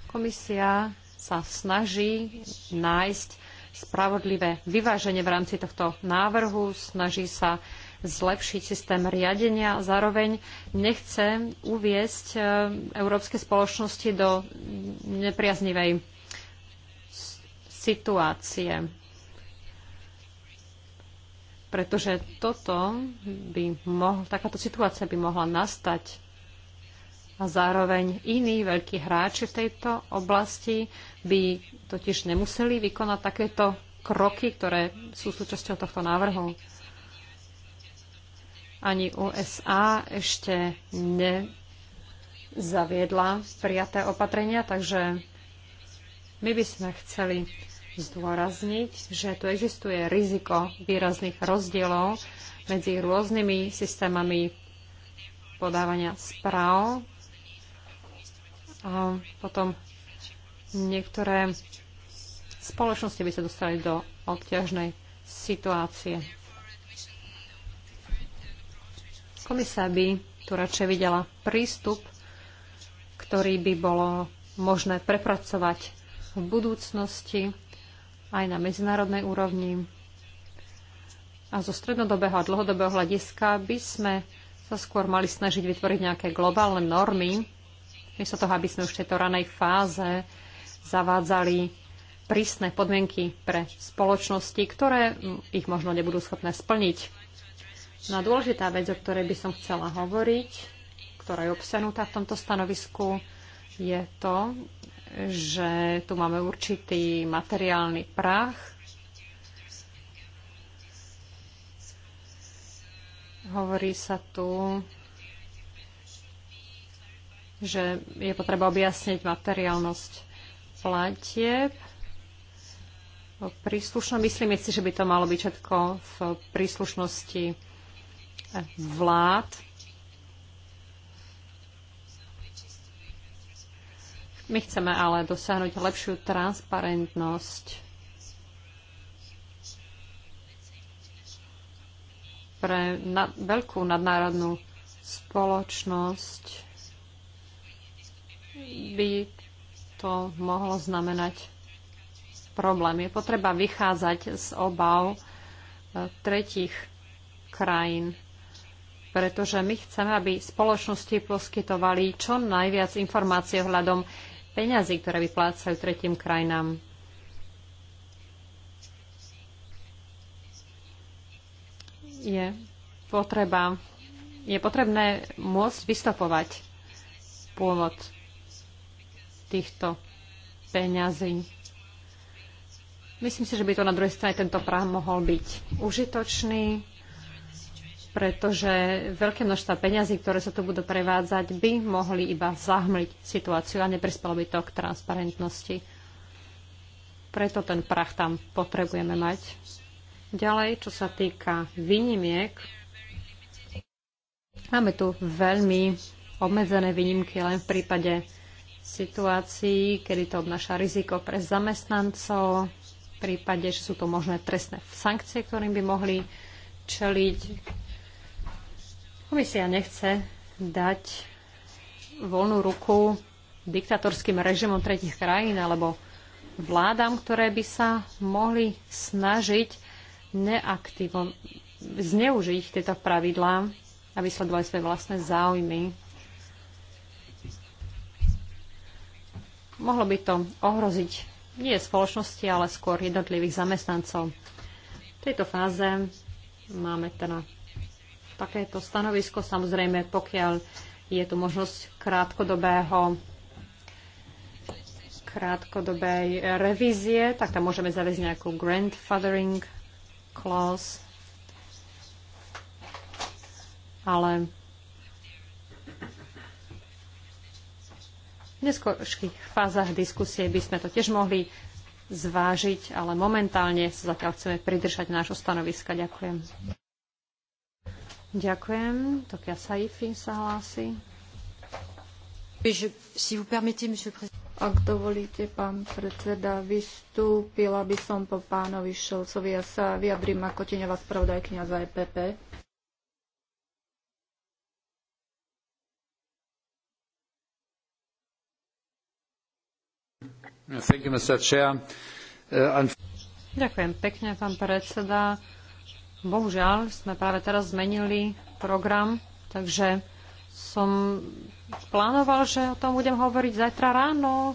Speaker 4: Komisia sa snaží nájsť spravodlivé vyváženie v rámci tohto návrhu, snaží sa zlepšiť systém riadenia. Zároveň nechce uviesť e, európske spoločnosti do nepriaznivej situácie. Pretože toto by takáto situácia by mohla nastať a zároveň iní veľkí hráči v tejto oblasti by totiž nemuseli vykonať takéto kroky, ktoré sú súčasťou tohto návrhu. Ani USA ešte nezaviedla prijaté opatrenia, takže my by sme chceli zdôrazniť, že tu existuje riziko výrazných rozdielov medzi rôznymi systémami podávania správ a potom niektoré spoločnosti by sa dostali do obťažnej situácie. Komisia by tu radšej videla prístup, ktorý by bolo možné prepracovať v budúcnosti aj na medzinárodnej úrovni. A zo strednodobého a dlhodobého hľadiska by sme sa skôr mali snažiť vytvoriť nejaké globálne normy, Miesto toho, aby sme už v tejto ranej fáze zavádzali prísne podmienky pre spoločnosti, ktoré ich možno nebudú schopné splniť. No a dôležitá vec, o ktorej by som chcela hovoriť, ktorá je obsenutá v tomto stanovisku, je to, že tu máme určitý materiálny prach. Hovorí sa tu že je potreba objasniť materiálnosť platieb. Príslušno, Myslím si, že by to malo byť všetko v príslušnosti vlád. My chceme ale dosiahnuť lepšiu transparentnosť pre na, veľkú nadnárodnú spoločnosť by to mohlo znamenať problém. Je potreba vychádzať z obav e, tretich krajín, pretože my chceme, aby spoločnosti poskytovali čo najviac informácie ohľadom peňazí, ktoré vyplácajú tretím krajinám. Je, potreba, je potrebné môcť vystopovať pôvod týchto peňazí. Myslím si, že by to na druhej strane tento prah mohol byť užitočný, pretože veľké množstva peňazí, ktoré sa tu budú prevádzať, by mohli iba zahmliť situáciu a neprispelo by to k transparentnosti. Preto ten prach tam potrebujeme mať. Ďalej, čo sa týka výnimiek, máme tu veľmi obmedzené výnimky len v prípade situácií, kedy to obnáša riziko pre zamestnancov, v prípade, že sú to možné trestné sankcie, ktorým by mohli čeliť. Komisia nechce dať voľnú ruku diktatorským režimom tretich krajín alebo vládam, ktoré by sa mohli snažiť neaktivo zneužiť tieto pravidlá a vysledovali svoje vlastné záujmy mohlo by to ohroziť nie spoločnosti, ale skôr jednotlivých zamestnancov. V tejto fáze máme teda takéto stanovisko. Samozrejme, pokiaľ je tu možnosť krátkodobého krátkodobej revízie, tak tam môžeme zaviesť nejakú grandfathering clause. Ale V neskôrších fázach diskusie by sme to tiež mohli zvážiť, ale momentálne sa zatiaľ chceme pridržať nášho stanoviska. Ďakujem. Ďakujem. Tokia Saifi sa hlási. Ak dovolíte, pán predseda, vystúpila by
Speaker 3: som po pánovi Šolcovi. Ja sa vyjadrím ako teňová spravodajkňa za EPP.
Speaker 1: Uh,
Speaker 4: ďakujem pekne, pán predseda. Bohužiaľ, sme práve teraz zmenili program, takže som plánoval, že o tom budem hovoriť zajtra ráno.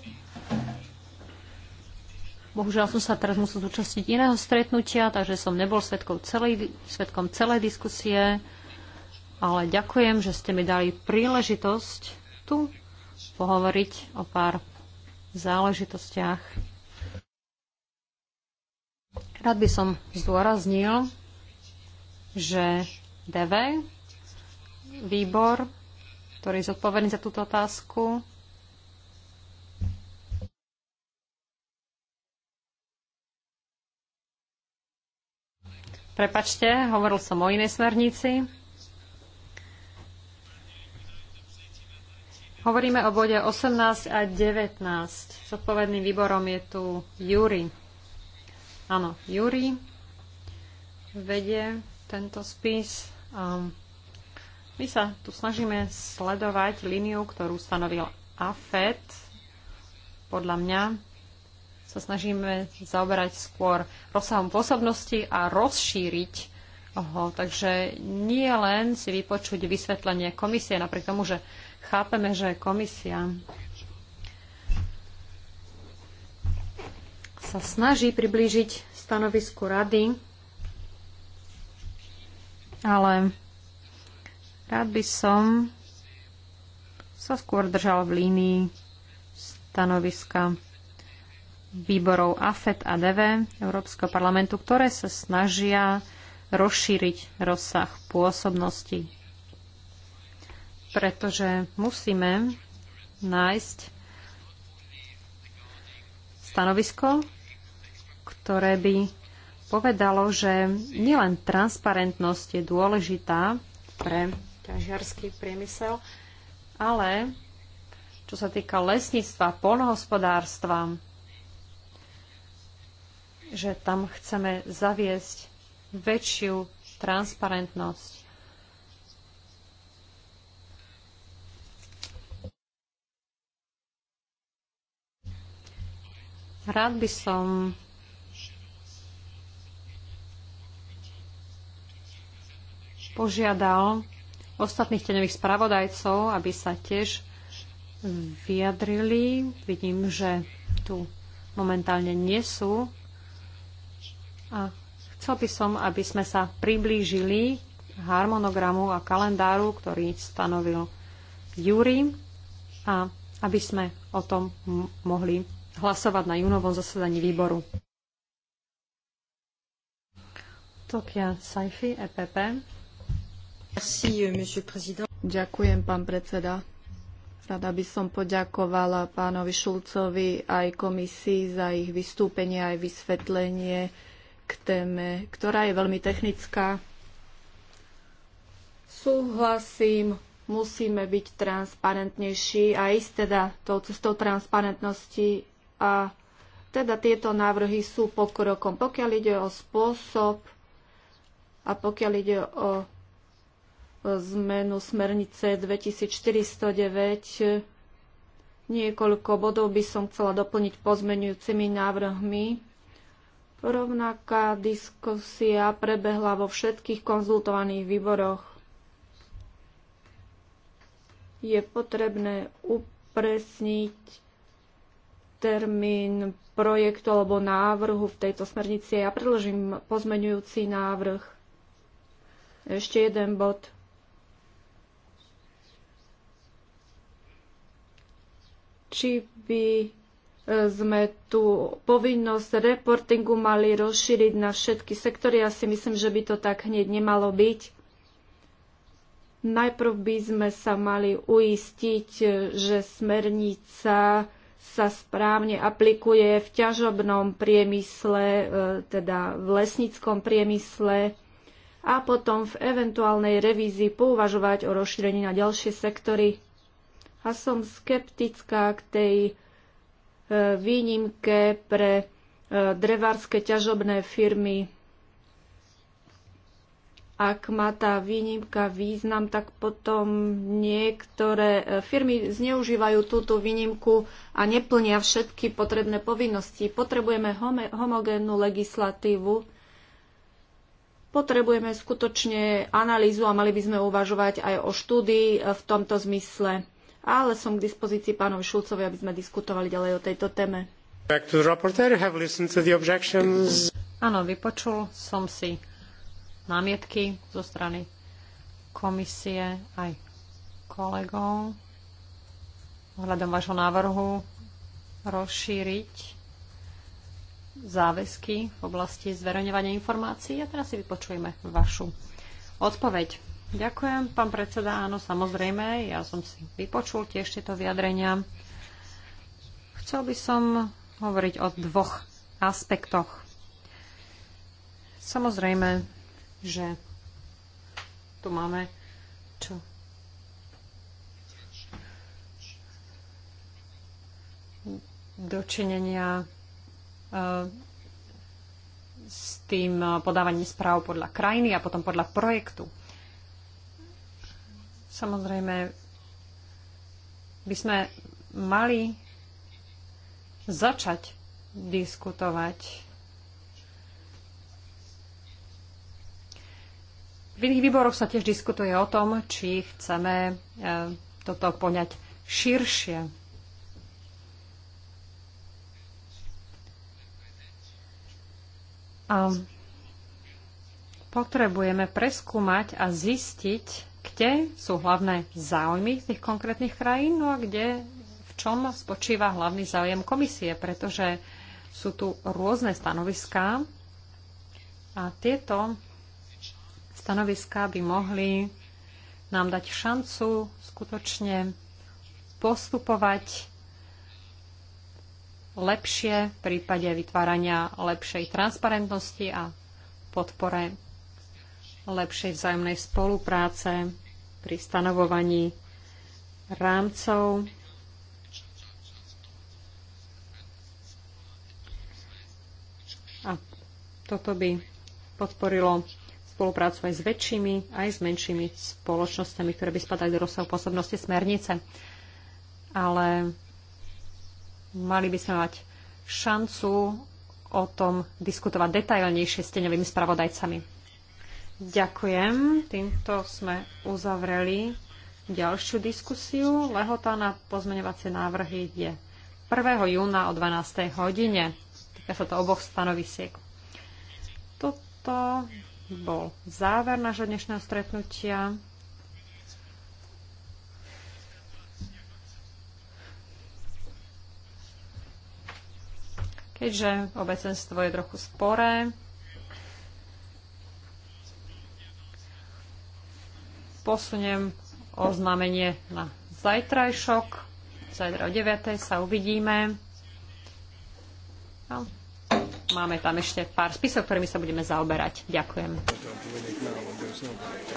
Speaker 4: Bohužiaľ som sa teraz musel zúčastniť iného stretnutia, takže som nebol svetkom celej, svetkom celej diskusie, ale ďakujem, že ste mi dali príležitosť tu pohovoriť o pár záležitostiach. Rád by som zdôraznil, že DV, výbor, ktorý je zodpovedný za túto otázku, Prepačte, hovoril som o inej smernici. Hovoríme o bode 18 a 19. Zodpovedným výborom je tu Júri. Áno, Júri vedie tento spis. Ehm, my sa tu snažíme sledovať líniu, ktorú stanovil AFET. Podľa mňa sa snažíme zaoberať skôr rozsahom pôsobnosti a rozšíriť ho. Takže nie len si vypočuť vysvetlenie komisie, napriek tomu, že Chápeme, že komisia sa snaží priblížiť stanovisku rady, ale rád by som sa skôr držal v línii stanoviska výborov AFET a DV Európskeho parlamentu, ktoré sa snažia rozšíriť rozsah pôsobnosti pretože musíme nájsť stanovisko, ktoré by povedalo, že nielen transparentnosť je dôležitá pre ťažiarský priemysel, ale čo sa týka lesníctva, polnohospodárstva, že tam chceme zaviesť väčšiu transparentnosť. Rád by som požiadal ostatných tenových spravodajcov, aby sa tiež vyjadrili. Vidím, že tu momentálne nie sú. A chcel by som, aby sme sa priblížili harmonogramu a kalendáru, ktorý stanovil Júri a aby sme o tom mohli hlasovať na júnovom zasadaní výboru. Tokia Saifi, EPP.
Speaker 3: Merci, euh, monsieur président. Ďakujem, pán predseda. Rada by som poďakovala pánovi Šulcovi aj komisii za ich vystúpenie aj vysvetlenie k téme, ktorá je veľmi technická. Súhlasím, musíme byť transparentnejší a ísť teda tou cestou transparentnosti a teda tieto návrhy sú pokrokom. Pokiaľ ide o spôsob a pokiaľ ide o zmenu smernice 2409, niekoľko bodov by som chcela doplniť pozmenujúcimi návrhmi. Rovnaká diskusia prebehla vo všetkých konzultovaných výboroch. Je potrebné upresniť termín projektu alebo návrhu v tejto smernici. Ja predložím pozmeňujúci návrh. Ešte jeden bod. Či by e, sme tú povinnosť reportingu mali rozšíriť na všetky sektory. Ja si myslím, že by to tak hneď nemalo byť. Najprv by sme sa mali uistiť, e, že smernica sa správne aplikuje v ťažobnom priemysle, e, teda v lesníckom priemysle a potom v eventuálnej revízii pouvažovať o rozšírení na ďalšie sektory. A som skeptická k tej e, výnimke pre e, drevárske ťažobné firmy ak má tá výnimka význam, tak potom niektoré e, firmy zneužívajú túto výnimku a neplnia všetky potrebné povinnosti. Potrebujeme homogénnu legislatívu, potrebujeme skutočne analýzu a mali by sme uvažovať aj o štúdii e, v tomto zmysle. Ale som k dispozícii pánovi
Speaker 4: Šulcovi, aby sme diskutovali ďalej o tejto téme. Áno, vypočul som si námietky zo strany komisie aj kolegov ohľadom vášho návrhu rozšíriť záväzky v oblasti zverejňovania informácií. A teraz si vypočujeme vašu odpoveď. Ďakujem, pán predseda. Áno, samozrejme, ja som si vypočul tiež tieto vyjadrenia. Chcel by som hovoriť o dvoch aspektoch. Samozrejme, že tu máme čo? Dočinenia eh, s tým eh, podávaním správ podľa krajiny a potom podľa projektu. Samozrejme, by sme mali začať diskutovať V iných výboroch sa tiež diskutuje o tom, či chceme e, toto poňať širšie. A potrebujeme preskúmať a zistiť, kde sú hlavné záujmy tých konkrétnych krajín, no a kde, v čom spočíva hlavný záujem komisie, pretože sú tu rôzne stanoviská a tieto stanoviská by mohli nám dať šancu skutočne postupovať lepšie v prípade vytvárania lepšej transparentnosti a podpore lepšej vzájomnej spolupráce pri stanovovaní rámcov a toto by podporilo spolupracovať s väčšími aj s menšími spoločnosťami, ktoré by spadali do rozsahu pôsobnosti smernice. Ale mali by sme mať šancu o tom diskutovať detailnejšie s teňovými spravodajcami. Ďakujem. Týmto sme uzavreli ďalšiu diskusiu. Lehota na pozmeňovacie návrhy je 1. júna o 12. hodine. Týka sa to oboch stanovisiek. Toto bol záver nášho dnešného stretnutia. Keďže obecenstvo je trochu sporé, posuniem oznámenie na zajtrajšok. Zajtra o 9. sa uvidíme. No. Máme tam ešte pár spisov, ktorými sa budeme zaoberať. Ďakujem.